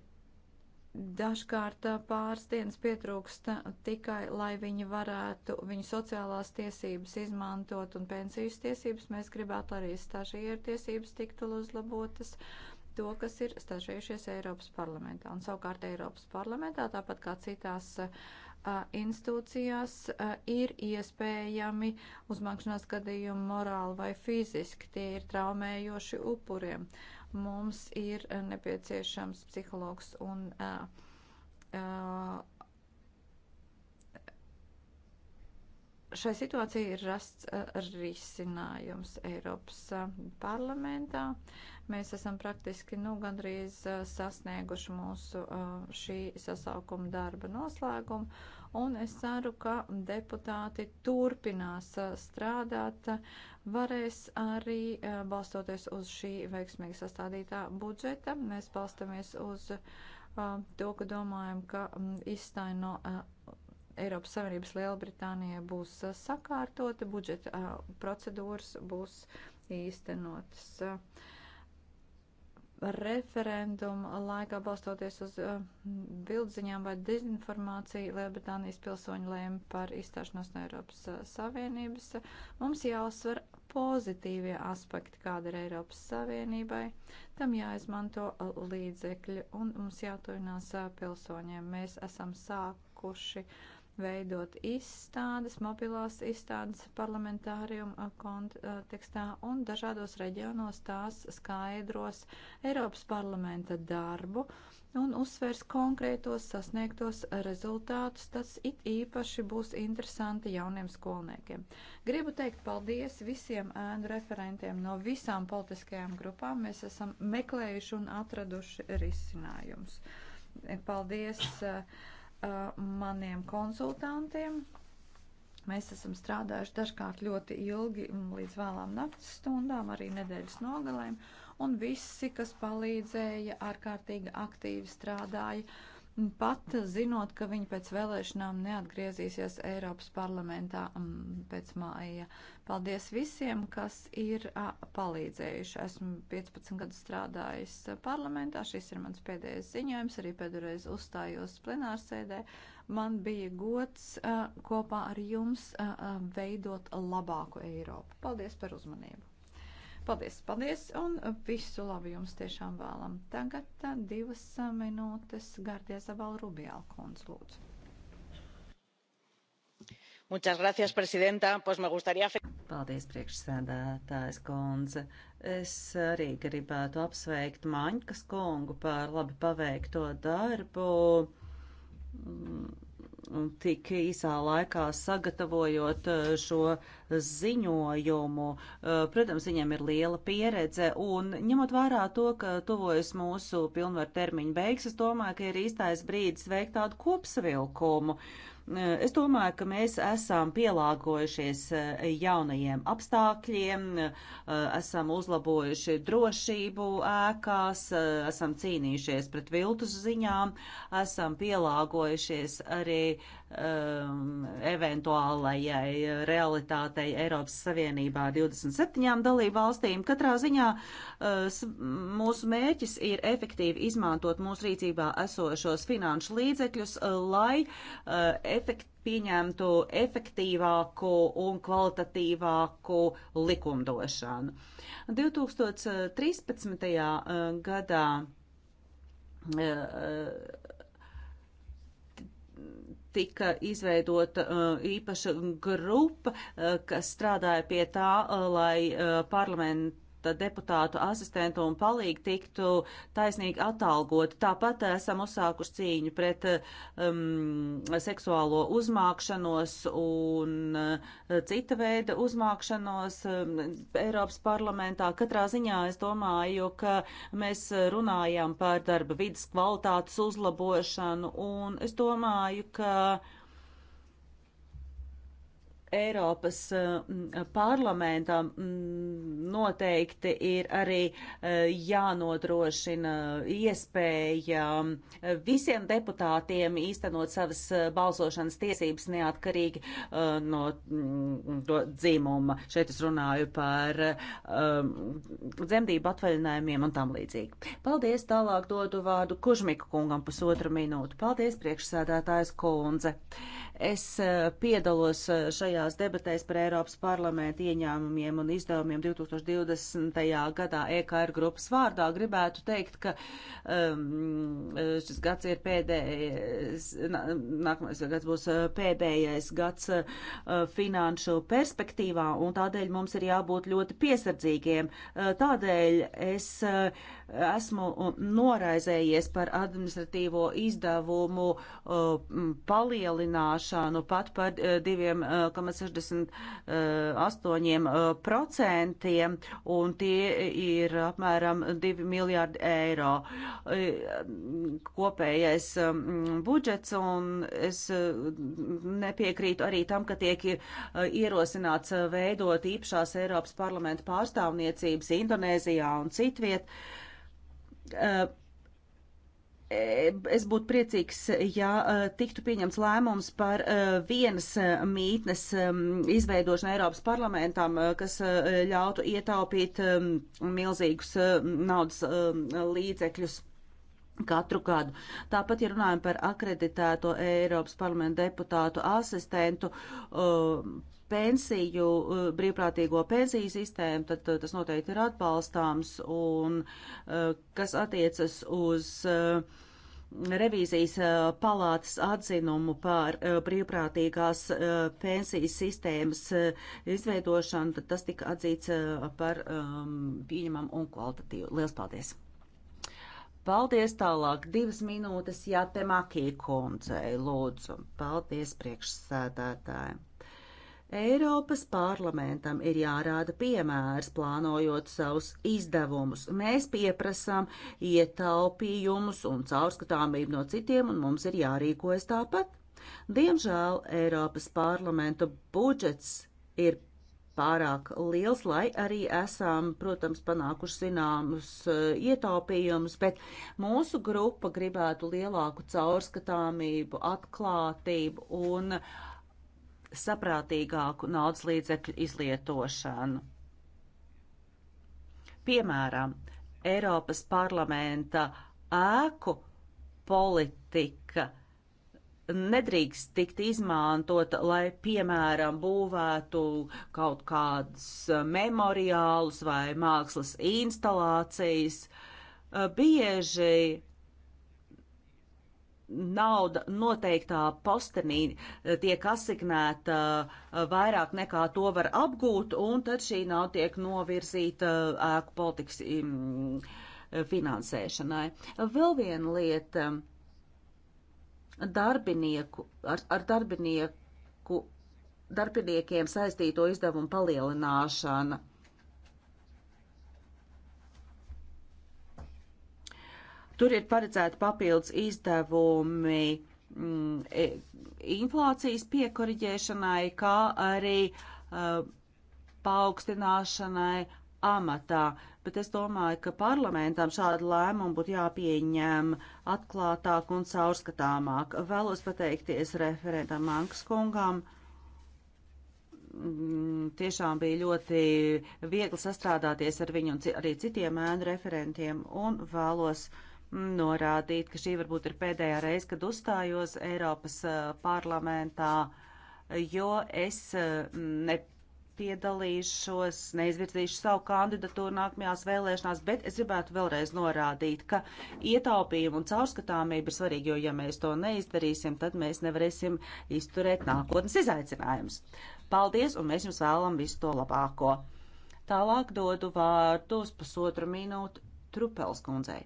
Speaker 1: Dažkārt pāris dienas pietrūkst tikai, lai viņi varētu viņu sociālās tiesības izmantot un pensijas tiesības. Mēs gribētu, lai arī stažieru tiesības tiktu uzlabotas to, kas ir stažējušies Eiropas parlamentā. Un savukārt Eiropas parlamentā, tāpat kā citās uh, institūcijās, uh, ir iespējami uzmākšanās gadījumi morāli vai fiziski. Tie ir traumējoši upuriem. Uh, mums ir eh, nepieciešams psihologs un uh, uh, šai situācijai ir rasts risinājums Eiropas parlamentā. Mēs esam praktiski nu, gandrīz sasnieguši mūsu šī sasaukuma darba noslēgumu un es ceru, ka deputāti turpinās strādāt, varēs arī balstoties uz šī veiksmīgi sastādītā budžeta. Mēs balstamies uz to, ka domājam, ka izstāja no Eiropas Savienības Lielbritānija būs sakārtota, budžeta procedūras būs īstenotas referenduma laikā balstoties uz uh, bildziņām vai dezinformāciju, Lielbritānijas pilsoņi lēma par izstāšanos no Eiropas uh, Savienības. Mums jāuzsver pozitīvie aspekti, kāda ir Eiropas Savienībai. Tam jāizmanto uh, līdzekļi un mums jātuvinās uh, pilsoņiem. Mēs esam sākuši uh, veidot izstādes, mobilās izstādes parlamentāriuma uh, kontekstā uh, un dažādos reģionos tās skaidros Eiropas parlamenta darbu un uzsvers konkrētos sasniegtos rezultātus. Tas it īpaši būs interesanti jauniem skolniekiem. Gribu teikt paldies visiem ēnu referentiem no visām politiskajām grupām. Mēs esam meklējuši un atraduši risinājumus. Paldies! Uh, uh, maniem konsultantiem. Mēs esam strādājuši dažkārt ļoti ilgi, mm, līdz vēlām naktas stundām, arī nedēļas nogalēm, un visi, kas palīdzēja, ārkārtīgi aktīvi strādāja pat zinot, ka viņi pēc vēlēšanām neatgriezīsies Eiropas parlamentā mm, pēc māja. Paldies visiem, kas ir palīdzējuši. Esmu 15 gadus strādājis parlamentā, šis ir mans pēdējais ziņojums, arī pēdējais uzstājos plenārsēdē. Man bija gods kopā ar jums veidot labāku Eiropu. Paldies par uzmanību! Paldies, paldies, un visu labi jums tiešām vēlam. Tagad uh, divas uh, minūtes Gardie
Speaker 4: Zabala Rubiāla kundz lūdzu. Gracias, pues gustaría... Paldies, priekšsēdētājs kundze. Es arī gribētu apsveikt Maņkas kungu par labi paveikto darbu mm tik īsā laikā sagatavojot eh, šo ziņojumu. Eh, protams, viņiem ir liela pieredze, un ņemot vērā to, ka tuvojas mūsu pilnvar termiņa beigas, es domāju, ka ir īstais brīdis veikt tādu kopsavilkumu. Uh, Eh, es domāju, ka mēs esam pielāgojušies eh, jaunajiem apstākļiem, eh, esam uzlabojuši drošību ēkās, esam cīnījušies pret viltus ziņām, esam pielāgojušies arī um, eventuālajai realitātei Eiropas Savienībā 27 dalību valstīm. Katrā ziņā uh, mūsu mērķis ir efektīvi izmantot mūsu rīcībā esošos finanšu līdzekļus, uh, lai uh, efekt, pieņemtu efektīvāku un kvalitatīvāku likumdošanu. 2013. Uh, gadā uh, tika izveidota uh, īpaša grupa, kas strādāja pie tā, lai parlamentu deputātu asistentu un palīgi tiktu taisnīgi atalgoti. Tāpat esam uzsākuši cīņu pret um, seksuālo uzmākšanos un uh, cita veida uzmākšanos um, Eiropas parlamentā. Katrā ziņā es domāju, ka mēs runājam par darba vidas kvalitātes uzlabošanu un es domāju, ka uh, Eiropas eh, parlamentam mm, noteikti ir arī eh, jānodrošina iespēja mm, visiem deputātiem īstenot savas eh, balsošanas tiesības neatkarīgi no mm, to dzimuma. Šeit es runāju par dzemdību atvaļinājumiem un tam līdzīgi. Paldies, tālāk dodu vārdu Kužmika kungam pusotru minūtu. Paldies, priekšsēdētājs kundze. Uh, Es eh, piedalos eh, šajās debatēs par Eiropas parlamentu ieņēmumiem un izdevumiem 2020. gadā EKR grupas vārdā. Gribētu teikt, ka um, šis gads ir pēdējais, nākamais gads būs eh, pēdējais gads uh, finanšu perspektīvā, un tādēļ mums ir jābūt ļoti piesardzīgiem. Uh, tādēļ es. Uh, esmu noraizējies par administratīvo izdevumu uh, palielināšanu pat par 2,68%, uh, uh, un tie ir apmēram 2 miljārdi eiro kopējais um, budžets, un es nepiekrītu arī tam, ka tiek ierosināts veidot īpašās Eiropas parlamenta pārstāvniecības Indonēzijā un citviet. Uh, Eh, es būtu priecīgs, ja eh, tiktu pieņemts lēmums par eh, vienas mītnes izveidošanu Eiropas parlamentam, kas ļautu ietaupīt milzīgus naudas līdzekļus katru gadu. Tāpat, ja runājam par akreditēto Eiropas parlamenta deputātu asistentu, pensiju, eh, brīvprātīgo pensiju sistēmu, tad eh, tas noteikti ir atbalstāms un eh, kas attiecas uz revīzijas palātas atzinumu par brīvprātīgās pensijas sistēmas izveidošanu, tad tas tika atzīts par ehm, pieņemam un kvalitatīvu. Lielas paldies! Paldies tālāk, divas minūtes jātemakī kundzei, lūdzu. Paldies priekšsēdētājiem. Eiropas parlamentam ir jārāda piemērs, plānojot savus izdevumus. Mēs pieprasām ietaupījumus un caurskatāmību no citiem, un mums ir jārīkojas tāpat. Diemžēl Eiropas parlamenta budžets ir pārāk liels, lai arī esam, protams, panākuši zināmus eh, ietaupījumus, bet mūsu grupa gribētu lielāku caurskatāmību, atklātību un uh, saprātīgāku naudas līdzekļu izlietošanu. Piemēram, Eiropas parlamenta ēku politika nedrīkst tikt izmantota, lai, piemēram, būvētu kaut kādus e, memoriālus vai mākslas instalācijas. E, bieži nauda noteiktā postenī eh, tiek asignēta eh, vairāk nekā to var apgūt, un tad šī nauda tiek novirzīta eh, ēku politikas finansēšanai. Vēl viena lieta - darbinieku, ar, ar darbinieku, darbiniekiem saistīto izdevumu palielināšana. Tur ir paredzēti papildus izdevumi mm, e, inflācijas piekoriģēšanai, kā arī uh, paaugstināšanai amatā. Bet es domāju, ka parlamentam šādu lēmumu būtu jāpieņem atklātāk un caurskatāmāk. Vēlos pateikties referentam Mankas kungam mm, tiešām bija ļoti viegli sastrādāties ar viņu un arī citiem ēnu referentiem un vēlos uh, norādīt, ka šī varbūt ir pēdējā reize, kad uzstājos Eiropas parlamentā, jo es nepiedalīšos, neizvirzīšu savu kandidatūru nākamajās vēlēšanās, bet es gribētu vēlreiz norādīt, ka ietaupījumi un caurskatāmība ir svarīgi, jo ja mēs to neizdarīsim, tad mēs nevarēsim izturēt nākotnes izaicinājumus. Paldies, un mēs jums vēlam visu to labāko. Tālāk dodu vārdu uz pusotru minūtu Trupels kundzei.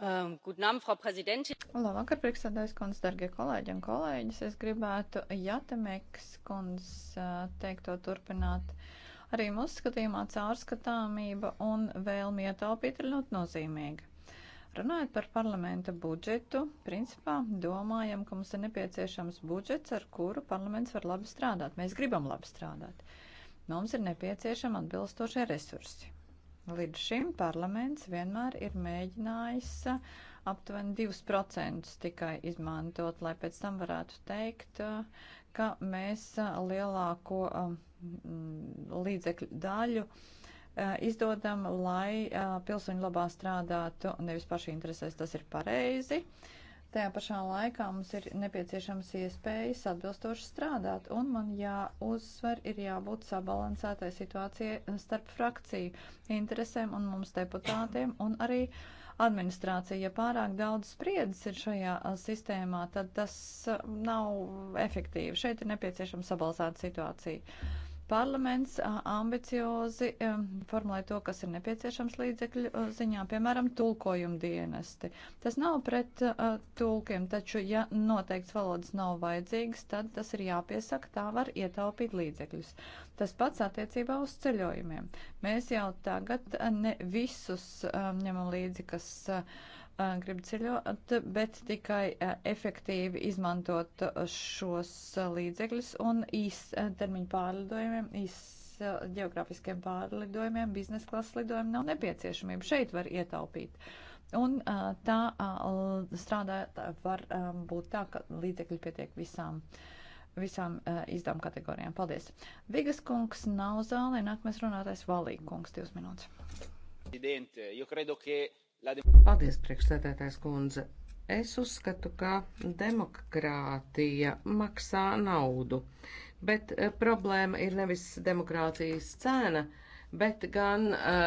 Speaker 4: Um, Frau Präsidentin! Labvakar,
Speaker 1: priekšsēdājas kundze, darbie kolēģi un kolēģis. Es gribētu Jatemeks kundze uh, teikto turpināt. Arī mūsu skatījumā caurskatāmība un vēlmi ietaupīt ir ļoti nozīmīga. Runājot par parlamenta budžetu, principā domājam, ka mums ir nepieciešams budžets, ar kuru parlaments var labi strādāt. Mēs gribam labi strādāt. Mums ir nepieciešama atbilstošie resursi Līdz šim parlaments vienmēr ir mēģinājis aptuveni 2% tikai izmantot, lai pēc tam varētu teikt, ka mēs lielāko līdzekļu daļu izdodam, lai pilsoņu labā strādātu, nevis paši interesēs, tas ir pareizi. Uh, Tajā pašā laikā mums ir nepieciešams iespējas atbilstoši strādāt, un man jāuzsver, ir jābūt sabalansētai situācijai starp frakciju interesēm un mums deputātiem, un arī administrācija. Ja pārāk daudz spriedzes ir šajā sistēmā, tad tas nav efektīvi. Šeit ir nepieciešama sabalansēta situācija. Parlaments ambiciozi formulē to, kas ir nepieciešams līdzekļu ziņā, piemēram, tulkojumu dienesti. Tas nav pret uh, tulkiem, taču, ja noteikts valodas nav vajadzīgas, tad tas ir jāpiesaka, tā var ietaupīt līdzekļus. Tas pats attiecībā uz ceļojumiem. Mēs jau tagad ne visus um, ņemam līdzi, kas. Uh, grib ceļot, bet tikai efektīvi izmantot šos līdzekļus un īstermiņu pārlidojumiem, īs geogrāfiskiem pārlidojumiem, biznesa klases lidojumiem nav nepieciešamība. Šeit var ietaupīt. Un tā strādājot var būt tā, ka līdzekļi pietiek visām visām uh, izdevuma kategorijām. Paldies! Vigas kungs nav zālē, nākamais runātais Valī kungs, divas minūtes.
Speaker 2: Presidente, io credo che
Speaker 1: Paldies, priekšsēdētājs kundze. Es uzskatu, ka
Speaker 3: demokrātija maksā naudu, bet eh, problēma ir nevis demokrātijas cena, bet gan uh,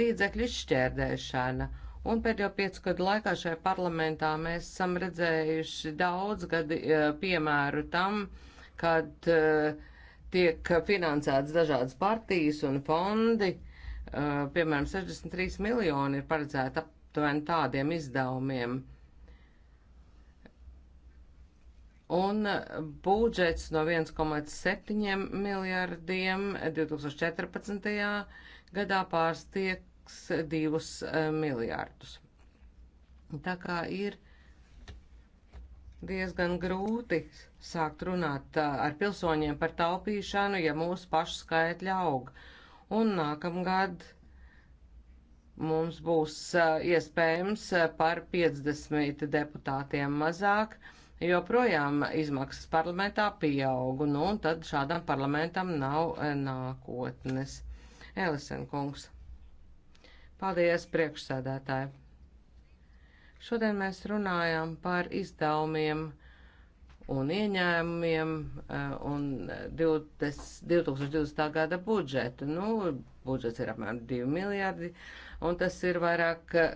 Speaker 3: līdzekļu izšķērdēšana. Un pēdējo piecu gadu laikā šajā parlamentā mēs esam redzējuši daudz gadi uh, piemēru tam, kad uh, tiek finansētas dažādas partijas un fondi, uh, Eh, piemēram, 63 miljoni ir paredzēti aptuveni tādiem izdevumiem. Un eh, budžets no 1,7 miljardiem 2014. gadā pārstiegs 2 eh, miljārdus. Tā kā ir diezgan grūti sākt runāt ar pilsoņiem par taupīšanu, ja mūsu pašu skaitļi auga. Uh, un nākamgad mums būs iespējams par 50 deputātiem mazāk, jo projām izmaksas parlamentā pieaugu, nu un tad šādam parlamentam nav nākotnes. Elisen kungs. Paldies, priekšsēdētāji. Šodien mēs runājam par izdevumiem un ieņēmumiem eh, un 20, 2020. gada budžetu. Nu, budžets ir apmēram 2 miljardi, un tas ir vairāk eh,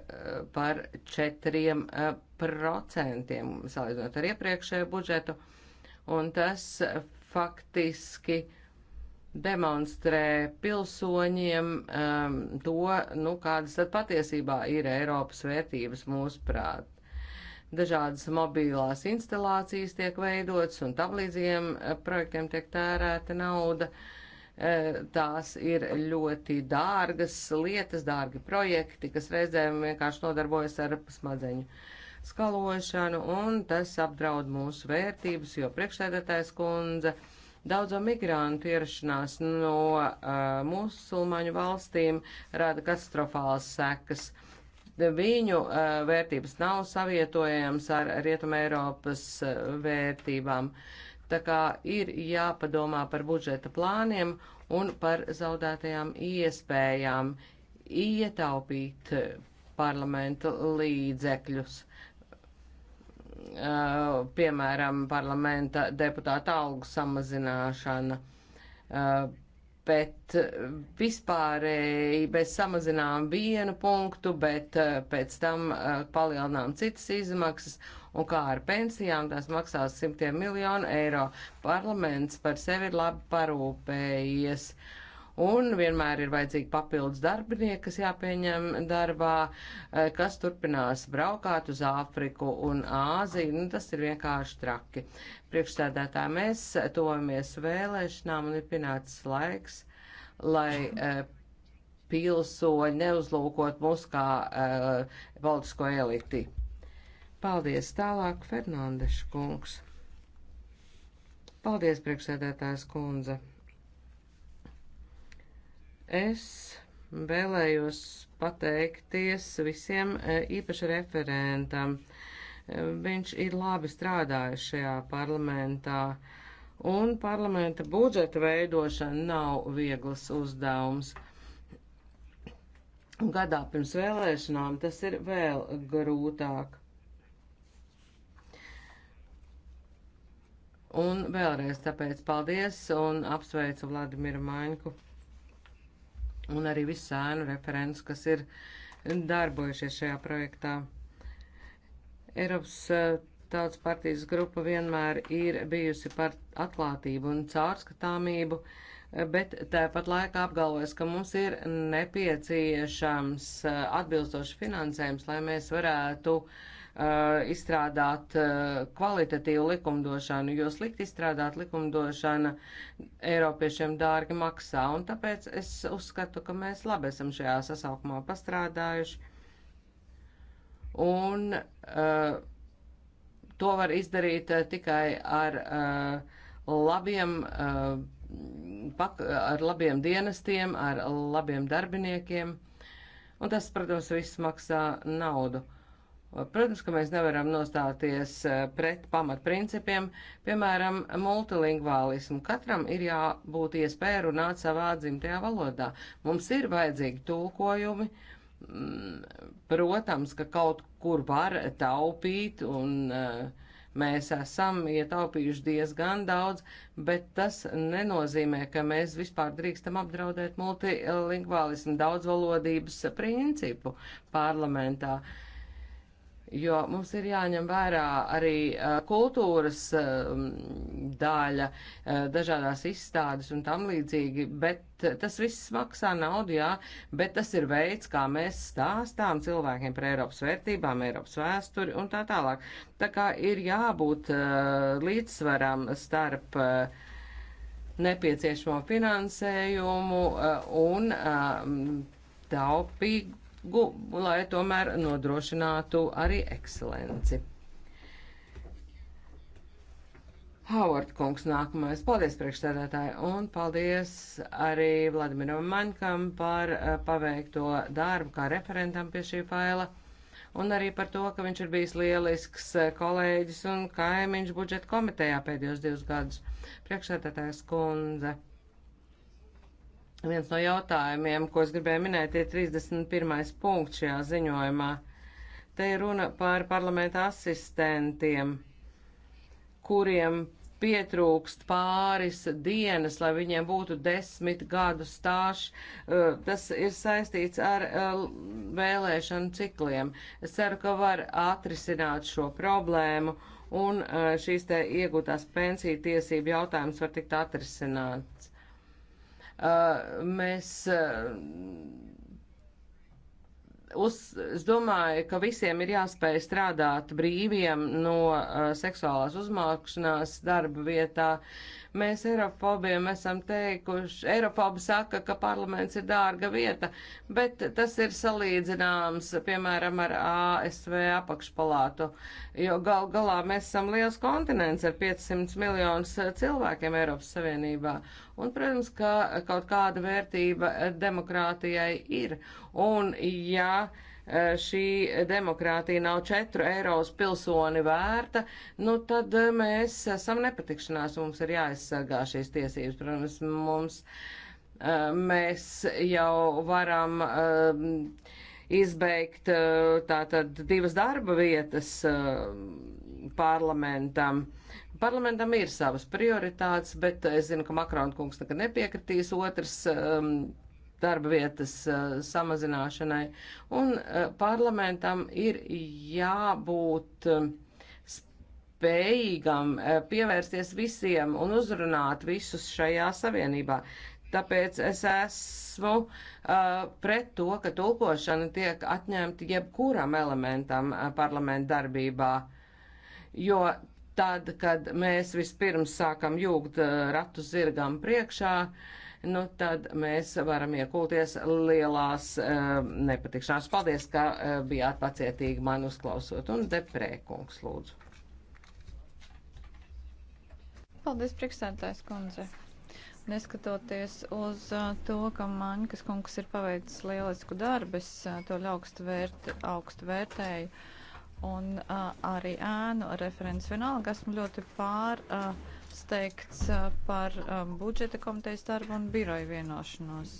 Speaker 3: par 4% eh, salīdzinot ar iepriekšējo budžetu, un tas faktiski demonstrē pilsoņiem um, to, nu, kādas tad patiesībā ir Eiropas vērtības mūsuprāt dažādas mobilās instalācijas tiek veidotas un tam līdzīgiem eh, projektiem tiek tērēta nauda. Eh, tās ir ļoti dārgas lietas, dārgi projekti, kas reizēm vienkārši nodarbojas ar smadzeņu skalošanu, un tas apdraud mūsu vērtības, jo priekšsēdētājs kundze daudzo migrantu ierašanās no uh, musulmaņu valstīm rada katastrofālas sekas. Uh, Viņu vērtības nav savietojams ar Rietumē Eiropas vērtībām. Tā kā ir jāpadomā par budžeta plāniem un par zaudētajām iespējām ietaupīt parlamenta līdzekļus. Uh, piemēram, parlamenta deputāta algu samazināšana. Uh, bet eh, vispārēji mēs samazinām vienu punktu, bet eh, pēc tam eh, palielinām citas izmaksas, un kā ar pensijām tās maksās simtiem miljonu eiro. Parlaments par sevi ir labi parūpējies. Uh, un vienmēr ir vajadzīgi papildus darbinieki, kas jāpieņem darbā, e, kas turpinās braukāt uz Āfriku un Āziju. Nu, tas ir vienkārši traki. Priekšstādētā mēs tojamies vēlēšanām un ir pienācis laiks, lai e, pilsoņi neuzlūkot mūs kā e, politisko eliti. Paldies tālāk, Fernandeša kungs. Paldies, priekšsēdētājs kundze. Es vēlējos pateikties visiem e, īpaši referentam. E, Viņš ir labi strādājis šajā parlamentā, un parlamenta budžeta veidošana nav viegls uzdevums. Gadā pirms vēlēšanām tas ir vēl grūtāk. Un vēlreiz tāpēc paldies un apsveicu Vladimiru Mainku un arī visu sēnu referents, kas ir darbojušies šajā projektā. Eiropas eh, Tautas partijas grupa vienmēr ir bijusi par atklātību un caurskatāmību, eh, bet tāpat laikā apgalvojas, ka mums ir nepieciešams eh, atbilstošs finansējums, lai mēs varētu uh, Uh, izstrādāt uh, kvalitatīvu likumdošanu, jo slikti izstrādāt likumdošana Eiropiešiem dārgi maksā, un tāpēc es uzskatu, ka mēs labi esam šajā sasaukumā pastrādājuši, un uh, to var izdarīt uh, tikai ar uh, labiem uh, pak, ar labiem dienestiem, ar labiem darbiniekiem, un tas, protams, viss maksā naudu. Protams, ka mēs nevaram nostāties eh, pret pamatprincipiem, piemēram, multilingvālismu. Katram ir jābūt iespēja runāt savā dzimtajā valodā. Mums ir vajadzīgi tulkojumi. Mm, protams, ka kaut kur var taupīt un eh, mēs esam ietaupījuši diezgan daudz, bet tas nenozīmē, ka mēs vispār drīkstam apdraudēt multilingvālismu daudzvalodības principu parlamentā. Uh, jo mums ir jāņem vērā arī kultūras daļa, dažādās izstādes un tam līdzīgi, bet tas viss maksā naudu, jā, bet tas ir veids, kā mēs stāstām cilvēkiem par Eiropas vērtībām, Eiropas vēsturi un tā tālāk. Tā kā ir jābūt līdzsvaram starp nepieciešamo finansējumu un taupīgu tirgu, lai tomēr nodrošinātu arī ekscelenci. Howard kungs nākamais. Paldies priekšstādātāji un paldies arī Vladimiram Maņkam par eh, paveikto darbu kā referentam pie šī faila un arī par to, ka viņš ir bijis lielisks eh, kolēģis un kaimiņš budžeta komitejā pēdējos divus gadus. Priekšstādātājs kundze. Viens no jautājumiem, ko es gribēju minēt, ir 31. punkts šajā ziņojumā. Te ir runa par parlamenta asistentiem, kuriem pietrūkst pāris dienas, lai viņiem būtu desmit gadu stāžs. Uh, tas ir saistīts ar uh, vēlēšanu cikliem. Es ceru, ka var atrisināt šo problēmu un uh, šīs te iegūtās pensiju tiesību jautājums var tikt atrisināts mēs uz, es domāju, ka visiem ir jāspēj strādāt brīviem no uh, seksuālās uzmākšanās darba vietā, Mēs Eiropobiem esam teikuši, Eiropoba saka, ka parlaments ir dārga vieta, bet tas ir salīdzināms, piemēram, ar ASV apakšpalātu, jo gal galā mēs esam liels kontinents ar 500 miljonus cilvēkiem Eiropas Savienībā. Un, protams, ka kaut kāda vērtība demokrātijai ir. Un, ja, uh, Eh, šī demokrātija nav 4 eiros pilsoni vērta, nu tad eh, mēs esam nepatikšanās, mums ir jāaizsargā šīs tiesības. Protams, mums, eh, mēs jau varam izbeigt tātad divas darba vietas parlamentam. Parlamentam ir savas prioritātes, bet es zinu, ka Makrona kungs nekad nepiekritīs otrs um, darba vietas uh, samazināšanai. Un uh, parlamentam ir jābūt uh, spējīgam uh, pievērsties visiem un uzrunāt visus šajā savienībā. Tāpēc es esmu uh, pret to, ka tulkošana tiek atņemta jebkuram elementam uh, parlamentu darbībā, jo tad, kad mēs vispirms sākam jūgt uh, ratu zirgam priekšā, uh, nu tad mēs varam iekulties lielās uh, nepatikšanās. Paldies, ka uh, bijāt pacietīgi man uzklausot. Un deprēkungs, lūdzu.
Speaker 1: Paldies, priekšsēdētājs kundze. Neskatoties uz eh, to, ka Maņkas kungs ir paveicis lielisku darbu, es to augstu, vērt, augstu vērtēju, un uh, arī ēnu referents vienalga esmu ļoti pār. Uh, daudz teikts par budžeta komitejas darbu un biroju vienošanos.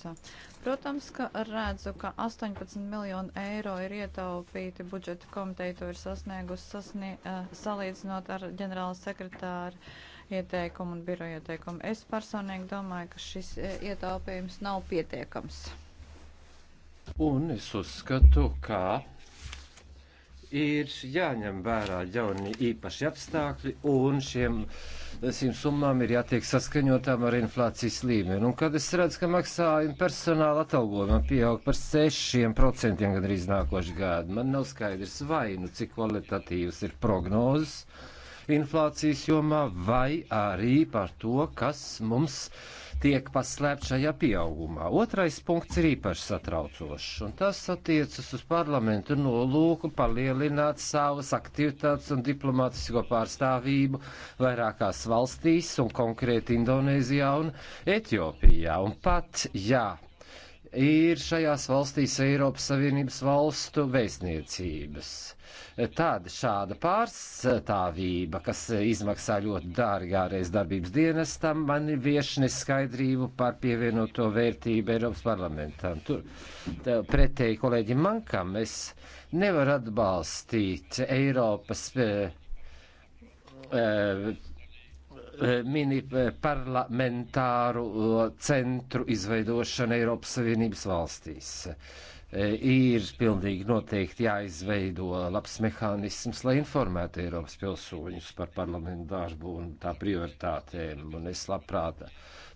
Speaker 1: Protams, ka redzu, ka 18 miljonu eiro ir ietaupīti budžeta komiteja, to ir sasniegusi sasnie, salīdzinot ar ģenerāla sekretāru ieteikumu un biroju ieteikumu. Es personīgi domāju, ka šis ietaupījums nav pietiekams.
Speaker 2: Un es uzskatu, ka ir jāņem vērā jauni īpaši apstākļi un šiem uh, šīm summām ir jātiek saskaņotām ar inflācijas līmeni. Un kad es redzu, ka maksājumi personāla atalgojumam pieaug par 6% gandrīz nākošu gadu, man nav skaidrs vai nu cik kvalitatīvas ir prognozes inflācijas jomā, vai arī par to, kas mums tiek paslēpts šajā pieaugumā. Otrais punkts ir īpaši satraucošs, un tas attiecas uz parlamentu nolūku palielināt savas aktivitātes un diplomātisko pārstāvību vairākās valstīs, un konkrēti Indonēzijā un Etiopijā. Un pat, jā, ir šajās valstīs Eiropas Savienības valstu vēstniecības. Tāda šāda pārstāvība, kas izmaksā ļoti dārgi ārējas darbības dienestam, man ir viešne skaidrību par pievienoto vērtību Eiropas parlamentam. Tur pretēji kolēģi Mankam es nevaru atbalstīt Eiropas. E, e, Eh, mini eh, parlamentāru eh, centru izveidošana Eiropas Savienības valstīs ir pilnīgi noteikti jāizveido labs mehānisms, lai informētu Eiropas pilsoņus par parlamentu darbu un tā prioritātēm. Un es labprāt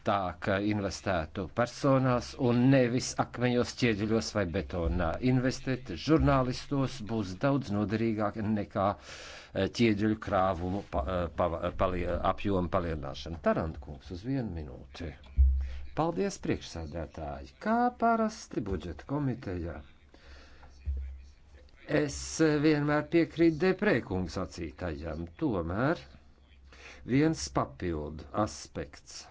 Speaker 2: tā, ka investētu personās un nevis akmeņos, ķieģeļos vai betonā. Investēt žurnālistos būs daudz noderīgāk nekā uh, Eh, ķieģeļu krāvumu pa, eh, pa, eh, pali, apjomu palielināšanu. Tarantkungs uz vienu minūti. Paldies priekšsādētāji, kā parasti budžeta komitejā. Es vienmēr piekrītu deprēkungs acītajam, tomēr viens papildu aspekts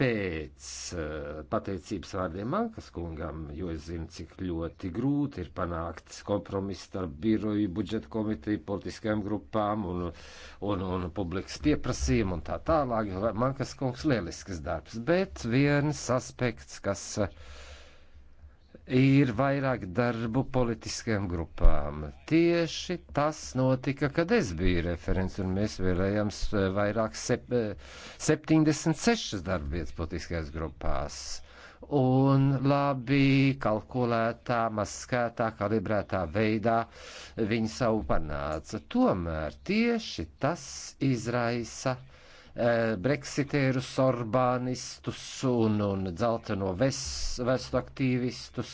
Speaker 2: pēc eh, pateicības vārdiem Mankas kungam, jo es zinu, cik ļoti grūti ir panākt kompromisu starp biroju, budžeta komiteju, politiskajām grupām un, un, un publikas pieprasījumu un tā tālāk. Mankas kungs lielisks darbs, bet viens aspekts, kas uh, ir vairāk darbu politiskajām grupām. Tieši tas notika, kad es biju referents, un mēs vēlējams vairāk sep 76 darba vietas politiskajās grupās. Un labi kalkulētā, maskētā, kalibrētā veidā viņi savu panāca. Tomēr tieši tas izraisa uh, Eh, breksitērus, orbānistus un, un dzelteno ves, vestu aktīvistus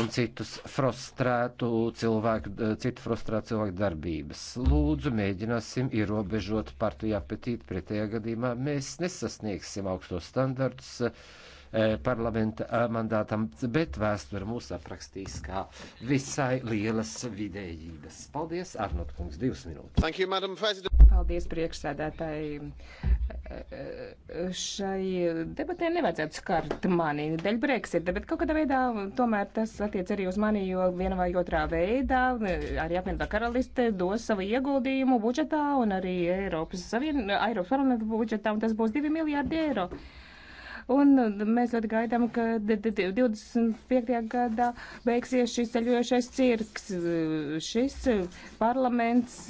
Speaker 2: un citus frustrētu cilvēku, eh, citu frustrētu cilvēku darbības. Lūdzu, mēģināsim ierobežot partiju apetīti, pretējā gadījumā mēs nesasniegsim augstos standartus E, parlamenta mandātam, bet vēsture mūs aprakstīs kā visai lielas vidējības. Paldies, Arnot kungs, divas minūtes.
Speaker 3: Thank you, Madam President. Paldies, priekšsēdētāji. E, e, šai debatē nevajadzētu skart mani dēļ Brexita, bet kaut kādā veidā tomēr tas attiec arī uz mani, jo vienā vai otrā veidā arī apvienotā karaliste dos savu ieguldījumu budžetā un arī Eiropas, Savien... Eiropas parlamenta budžetā, un tas būs divi miljārdi eiro. Uh, Un uh, mēs ļoti gaidām, ka 25. gadā beigsies šis ceļojošais cirks. Uh, šis uh, parlaments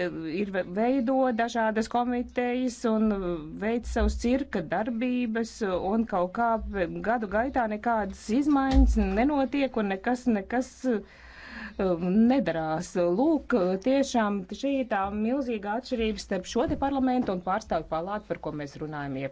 Speaker 3: ir veido dažādas komitejas un veic savus cirka darbības, un kaut kā gadu gaitā nekādas izmaiņas nenotiek, un nekas, nekas um, nedarās. Lūk, tiešām šī tā milzīga atšķirība starp šo te parlamentu un pārstāvju palātu, par ko mēs runājam iepriekš.